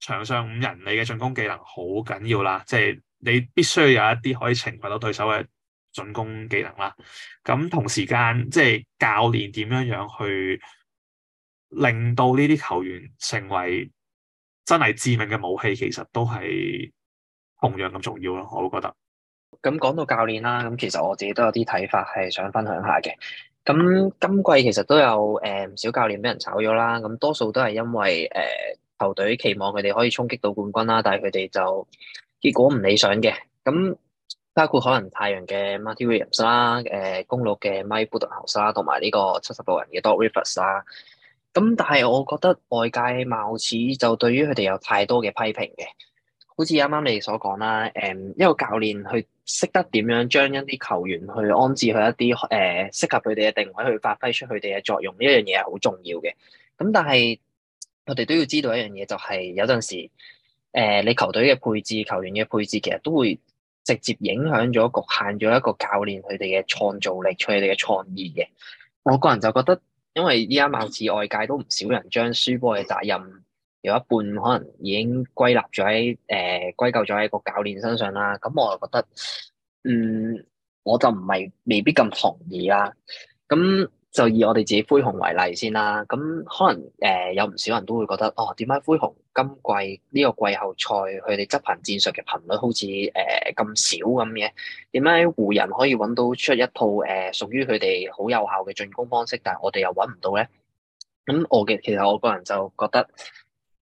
場上五人你嘅進攻技能好緊要啦，即係你必須要有一啲可以懲罰到對手嘅。進攻技能啦，咁同時間即係教練點樣樣去令到呢啲球員成為真係致命嘅武器，其實都係同樣咁重要咯。我都覺得。咁講到教練啦，咁其實我自己都有啲睇法係想分享下嘅。咁今季其實都有誒唔、呃、少教練俾人炒咗啦，咁多數都係因為誒、呃、球隊期望佢哋可以衝擊到冠軍啦，但係佢哋就結果唔理想嘅。咁包括可能太陽嘅 Monty Williams 啦，呃，誒，公鹿嘅 Mike Budenholzer 啦，同埋呢個七十六人嘅 Doc Rivers 啦。咁但係我覺得外界貌似就對於佢哋有太多嘅批評嘅，好似啱啱你哋所講啦，誒，一個教練去識得點樣將一啲球員去安置去一啲誒，適、呃、合佢哋嘅定位去發揮出佢哋嘅作用，呢一樣嘢係好重要嘅。咁但係我哋都要知道一樣嘢，就係、是、有陣時，誒、呃，你球隊嘅配置、球員嘅配置，其實都會。直接影響咗，局限咗一個教練佢哋嘅創造力，佢哋嘅創意嘅。我個人就覺得，因為依家貌似外界都唔少人將輸波嘅責任有一半可能已經歸納咗喺誒，歸咎咗喺一個教練身上啦。咁我就覺得，嗯，我就唔係未必咁同意啦。咁就以我哋自己灰熊為例先啦，咁可能誒、呃、有唔少人都會覺得，哦點解灰熊今季呢、這個季後賽佢哋執行戰術嘅頻率好似誒咁少咁嘅？點解湖人可以揾到出一套誒屬於佢哋好有效嘅進攻方式，但係我哋又揾唔到咧？咁我嘅其實我個人就覺得，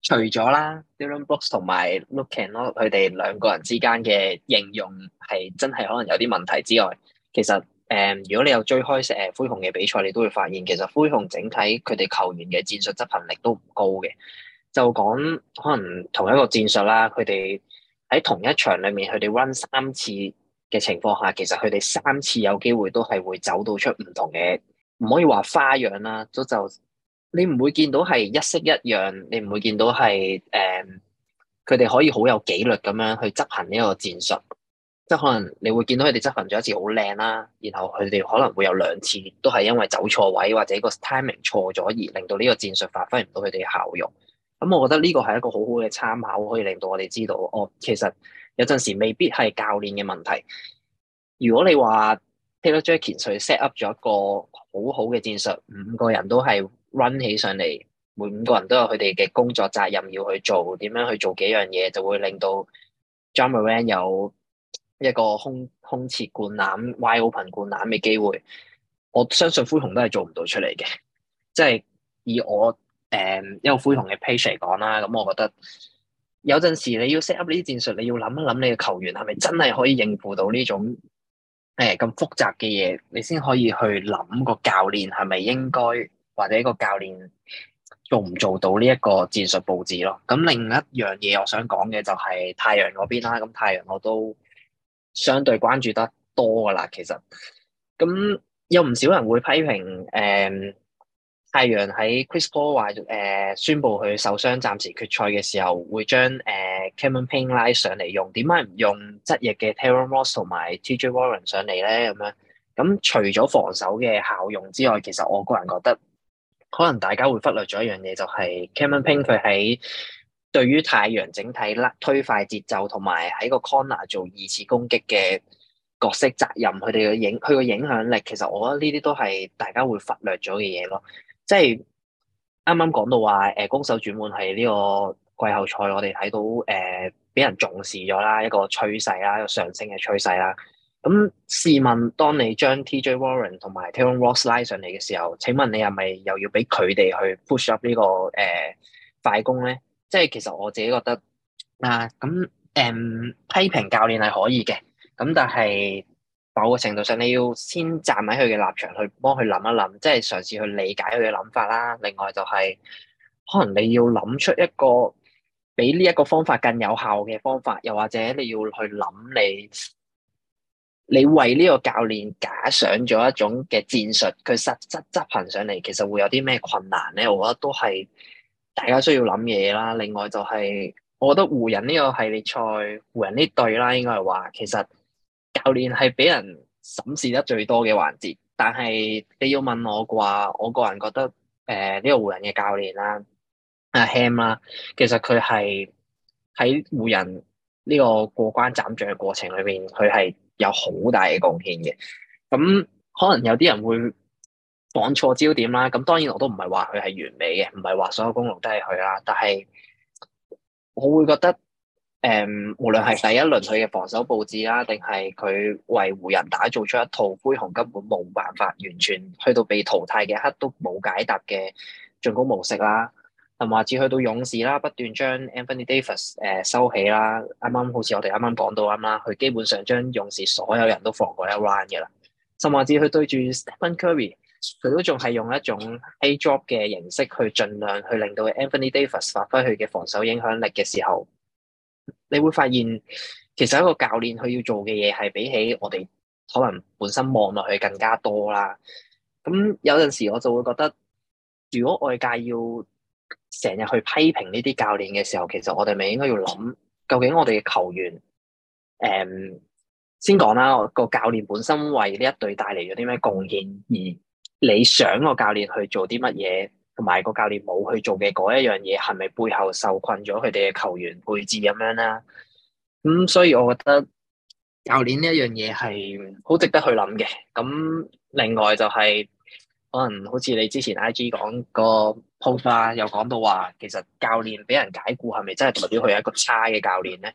除咗啦 Dillon Brooks 同埋 Luke Kennard 佢哋兩個人之間嘅應用係真係可能有啲問題之外，其實。誒，如果你有追開誒灰熊嘅比賽，你都會發現其實灰熊整體佢哋球員嘅戰術執行力都唔高嘅。就講可能同一個戰術啦，佢哋喺同一場裡面，佢哋 run 三次嘅情況下，其實佢哋三次有機會都係會走到出唔同嘅，唔可以話花樣啦。都就你唔會見到係一式一樣，你唔會見到係誒，嗯，佢哋可以好有紀律咁樣去執行呢個戰術。即係可能你會見到佢哋執行咗一次好靚啦，然後佢哋可能會有兩次都係因為走錯位或者個 timing 錯咗而令到呢個戰術發揮唔到佢哋嘅效用。咁、嗯、我覺得呢個係一個好好嘅參考，可以令到我哋知道，哦，其實有陣時未必係教練嘅問題。如果你話 Taylor, er, Jenkins 佢 set up 咗一個好好嘅戰術，五個人都係 run 起上嚟，每五個人都有佢哋嘅工作責任要去做，點樣去做幾樣嘢，就會令到 Ja Morant 有。一個空空切灌籃、wide open 灌籃嘅機會，我相信灰熊都係做唔到出嚟嘅。即係以我誒、呃、一個灰熊嘅 page 嚟講啦，咁、嗯、我覺得有陣時你要 set up 呢啲戰術，你要諗一諗你嘅球員係咪真係可以應付到呢種誒咁、呃、複雜嘅嘢，你先可以去諗個教練係咪應該或者一個教練做唔做到呢一個戰術佈置咯。咁另一樣嘢我想講嘅就係太陽嗰邊啦，咁太陽我都。相對關注得多噶啦，其實咁有唔少人會批評，誒、呃，太陽喺 Chris Paul 誒、呃、宣佈佢受傷，暫時決賽嘅時候，會將誒 Cameron Payne 拉上嚟用，點解唔用側翼嘅 Terrence Ross 同埋 TJ Warren 上嚟咧？咁樣咁除咗防守嘅效用之外，其實我個人覺得，可能大家會忽略咗一樣嘢、就是，就係 Cameron Payne 佢喺。對於太陽整體拉推快節奏同埋喺個 corner 做二次攻擊嘅角色責任，佢哋嘅影佢個影響力，其實我覺得呢啲都係大家會忽略咗嘅嘢咯。即係啱啱講到話，誒、呃、攻守轉換係呢個季後賽，我哋睇到誒俾、呃、人重視咗啦，一個趨勢啦，一個上升嘅趨勢啦。咁試問，當你將 TJ Warren 同埋 Terrence Ross 拉上嚟嘅時候，請問你係咪又要俾佢哋去 push up，這個呃、呢個誒快攻咧？即係其實我自己覺得啊，咁誒、嗯、批評教練係可以嘅，咁但係某個程度上，你要先站喺佢嘅立場去幫佢諗一諗，即係嘗試去理解佢嘅諗法啦。另外就係、是、可能你要諗出一個比呢一個方法更有效嘅方法，又或者你要去諗你你為呢個教練假想咗一種嘅戰術，佢實質執行上嚟，其實會有啲咩困難咧？我覺得都係。大家需要諗嘢啦，另外就係，我覺得湖人呢個系列賽，湖人呢隊啦，應該係話，其實教練係俾人審視得最多嘅環節，但係你要問我啩，我個人覺得，誒呢個湖人嘅教練啦，阿 Ham 啦，其實佢係喺湖人呢個過關斬將嘅過程裏邊，佢係有好大嘅貢獻嘅，咁可能有啲人會。講錯焦點啦，咁當然我都唔係話佢係完美嘅，唔係話所有功勞都係佢啦。但係我會覺得，誒，無論係第一輪佢嘅防守佈置啦，定係佢為湖人打造出一套灰熊根本冇辦法完全去到被淘汰嘅一刻都冇解答嘅進攻模式啦。同埋甚至去到勇士啦，不斷將 Anthony Davis、呃、收起啦，啱啱好似我哋啱啱講到啱啱佢基本上將勇士所有人都防過一 round 嘅啦，甚至佢對住 Stephen Curry。佢都仲係用一種 a job 嘅形式去盡量去令到 Anthony Davis 發揮佢嘅防守影響力嘅時候，你會發現其實一個教練佢要做嘅嘢係比起我哋可能本身望落去更加多啦。咁有陣時我就會覺得，如果外界要成日去批評呢啲教練嘅時候，其實我哋咪應該要諗，究竟我哋嘅球員，誒、嗯，先講啦，個教練本身為呢一隊帶嚟咗啲咩貢獻而。你想個教練去做啲乜嘢，同埋個教練冇去做嘅嗰一樣嘢，係咪背後受困咗佢哋嘅球員配置咁樣啦？咁所以我覺得教練呢一樣嘢係好值得去諗嘅。咁另外就係、是、可能好似你之前 I G 講個 post 啊，又講到話，其實教練俾人解僱係咪真係代表佢係一個差嘅教練咧？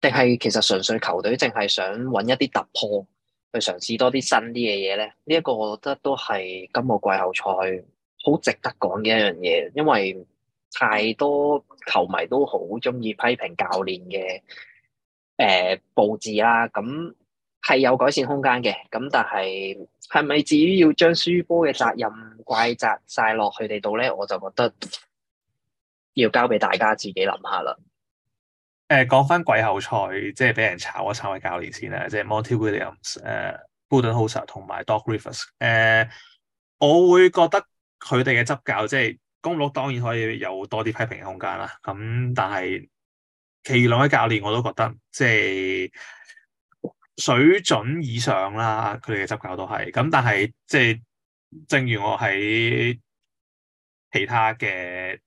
定係其實純粹球隊淨係想揾一啲突破？去嘗試多啲新啲嘅嘢咧，呢、這、一個我覺得都係今個季後賽好值得講嘅一樣嘢，因為太多球迷都好中意批評教練嘅誒、呃、佈置啦、啊，咁、嗯、係有改善空間嘅，咁、嗯、但係係咪至於要將輸波嘅責任怪責晒落佢哋度咧？我就覺得要交俾大家自己諗下啦。誒講翻季後賽，即係俾人炒咗三位教練先啦，即係 Monty Williams、呃、誒 Budenholzer 同埋 Doc Rivers。誒，我會覺得佢哋嘅執教即係功力當然可以有多啲批評嘅空間啦。咁但係，其餘兩位教練我都覺得即係水準以上啦。佢哋嘅執教都係咁，但係即係正如我喺其他嘅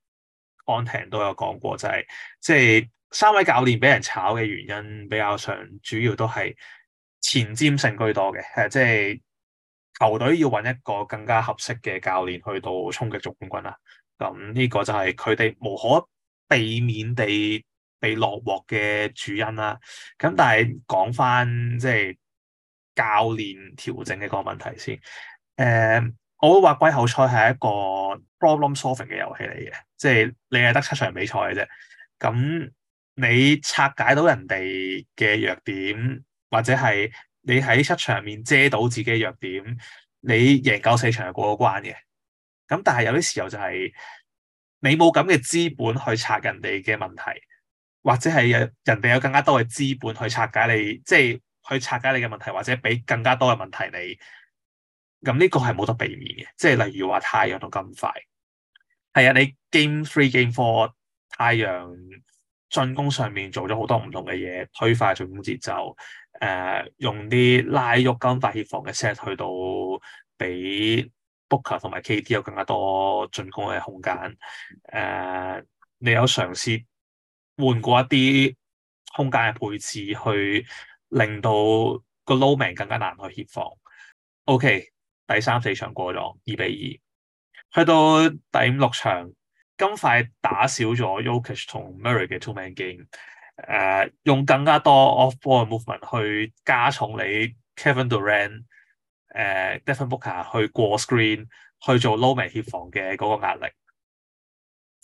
安亭都有講過，就係即係。三位教練俾人炒嘅原因比較上主要都係前瞻性居多嘅，誒，即係球隊要揾一個更加合適嘅教練去到衝擊總冠軍啦。咁呢個就係佢哋無可避免地被落鑊嘅主因啦。咁但係講翻即係教練調整嘅個問題先。誒、呃，我話季後賽係一個 problem solving 嘅遊戲嚟嘅，即係你係得七場比賽嘅啫，咁。你拆解到人哋嘅弱點，或者係你喺七場入面遮到自己嘅弱點，你贏夠四場就過咗關嘅。咁但係有啲時候就係、是、你冇咁嘅資本去拆人哋嘅問題，或者係人哋有更加多嘅資本去拆解你，即係去拆解你嘅問題，或者俾更加多嘅問題你。咁呢個係冇得避免嘅，即係例如話太陽都咁快，係啊，你 game three game four 太陽。進攻上面做咗好多唔同嘅嘢，推快進攻節奏，誒、呃、用啲拉喐跟快協防嘅 set 去到俾 Booker 同埋 KD 有更加多進攻嘅空間，誒、呃、你有嘗試換過一啲空間嘅配置去令到個 low man 更加難去協防。OK，第三四場過咗二比二，去到第五六場。金塊打少咗 Jokic 同 Murray 嘅 two man game，誒、呃、用更加多 off ball movement 去加重你 Kevin Durant，誒、呃、Devin Booker 去過 screen 去做 low man 協防嘅嗰個壓力，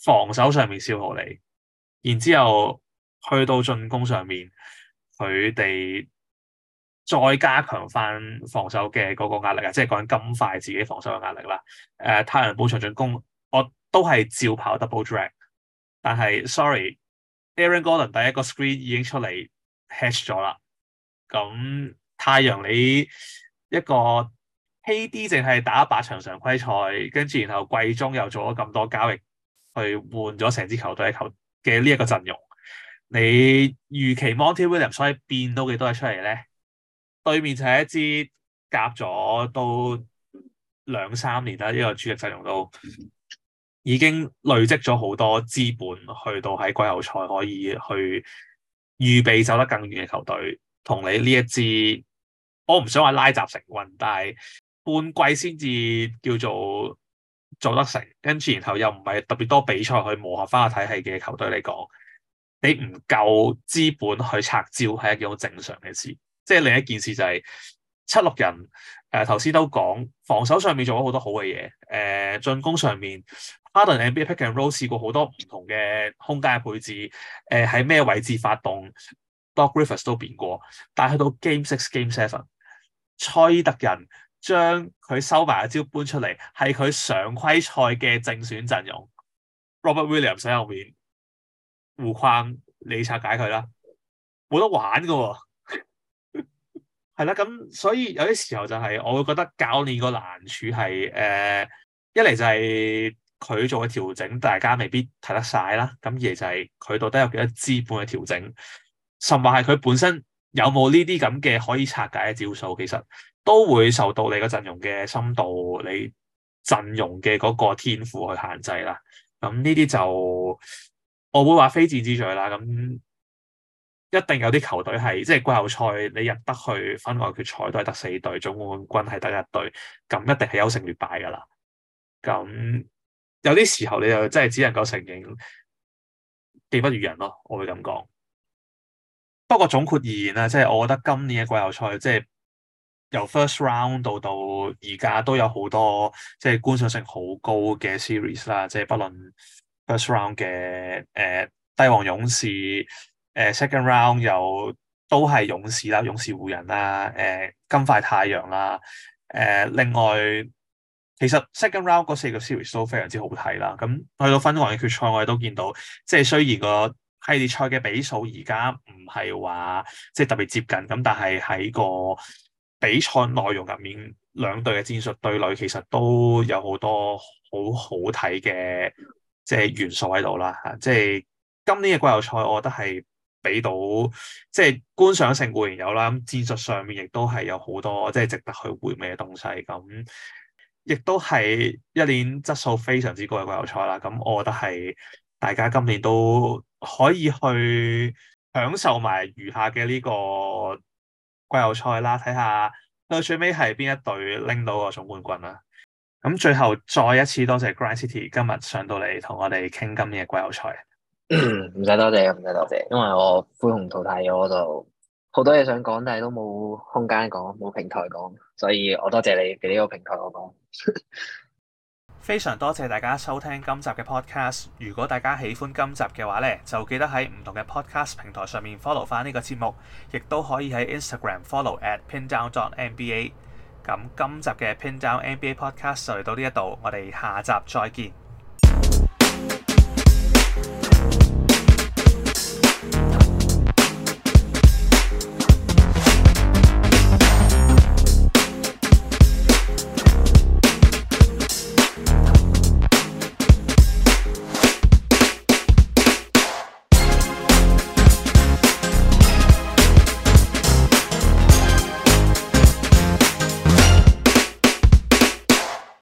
防守上面消耗你，然之後去到進攻上面，佢哋再加強翻防守嘅嗰個壓力啊，即係講緊金塊自己防守嘅壓力啦，誒、呃、太陽補強進攻我。呃都係照跑 double drag，但係 sorry，Aaron Gordon 第一個 screen 已經出嚟 hedge 咗啦。咁太陽你一個 KD 淨係打八場常規賽，跟住然後季中又做咗咁多交易，去換咗成支球隊嘅球嘅呢一個陣容，你預期 Monty Williams 可以變到幾多嘢出嚟咧？對面就係一支夾咗都兩三年啦，呢個主力陣容都。已經累積咗好多資本，去到喺季後賽可以去預備走得更遠嘅球隊，同你呢一支我唔想話拉雜成軍，但係半季先至叫做做得成，跟住然後又唔係特別多比賽去磨合返個體系嘅球隊嚟講，你唔夠資本去拆招係一件好正常嘅事。即係另一件事就係、是、七六人，誒，頭先都講防守上面做咗好多好嘅嘢，誒、呃、進攻上面。Harden and Pick and Roll 試過好多唔同嘅空間嘅配置，誒喺咩位置發動，Doc Rivers 都變過，但係到 6, Game Six、Game Seven，塞爾特人將佢收埋一招搬出嚟，係佢常規賽嘅正選陣容，Robert Williams 喺後面護框，你拆解佢啦，冇得玩噶、哦，係啦咁，所以有啲時候就係、是、我會覺得教練個難處係誒、呃、一嚟就係、是。佢做嘅調整，大家未必睇得晒啦。咁而就係佢到底有幾多資本嘅調整，甚或係佢本身有冇呢啲咁嘅可以拆解嘅招數，其實都會受到你個陣容嘅深度、你陣容嘅嗰個天賦去限制啦。咁呢啲就我會話非戰之罪啦。咁一定有啲球隊係即係季後賽，你入得去分外決賽都係得四隊，總冠軍係得一隊，咁一定係優勝劣敗噶啦。咁有啲時候你又真係只能夠承認技不如人咯，我會咁講。不過總括而言啊，即係我覺得今年嘅季後賽即係由 First Round 到到而家都有好多即係觀賞性好高嘅 series 啦，即係不論 First Round 嘅誒、呃、帝王勇士誒 Second、呃、Round 有都係勇士啦、勇士湖人啦、誒、呃、金塊太陽啦、誒、呃、另外。其實 second round 嗰四個 series 都非常之好睇啦。咁去到分環嘅決賽，我哋都見到，即係雖然個系列賽嘅比數而家唔係話即係特別接近，咁但係喺個比賽內容入面，兩隊嘅戰術對壘其實都有好多好好睇嘅即係元素喺度啦。吓，即係今年嘅季後賽，我覺得係俾到即係觀賞性固然有啦，咁戰術上面亦都係有好多即係值得去回味嘅東西咁。亦都係一年質素非常之高嘅季後賽啦，咁我覺得係大家今年都可以去享受埋餘下嘅呢個季後賽啦，睇下到最尾係邊一隊拎到個總冠軍啦。咁最後再一次多謝 GrindCity 今日上到嚟同我哋傾今年嘅季後賽。唔使多謝，唔使多謝，因為我灰熊淘汰咗度。好多嘢想講，但係都冇空間講，冇平台講，所以我多謝你俾呢個平台我講。 <laughs> 非常多謝大家收聽今集嘅 podcast。如果大家喜歡今集嘅話呢，就記得喺唔同嘅 podcast 平台上面 follow 翻呢個節目，亦都可以喺 Instagram follow at Pin Down dot NBA。咁今集嘅 Pin Down NBA Podcast 就嚟到呢一度，我哋下集再見。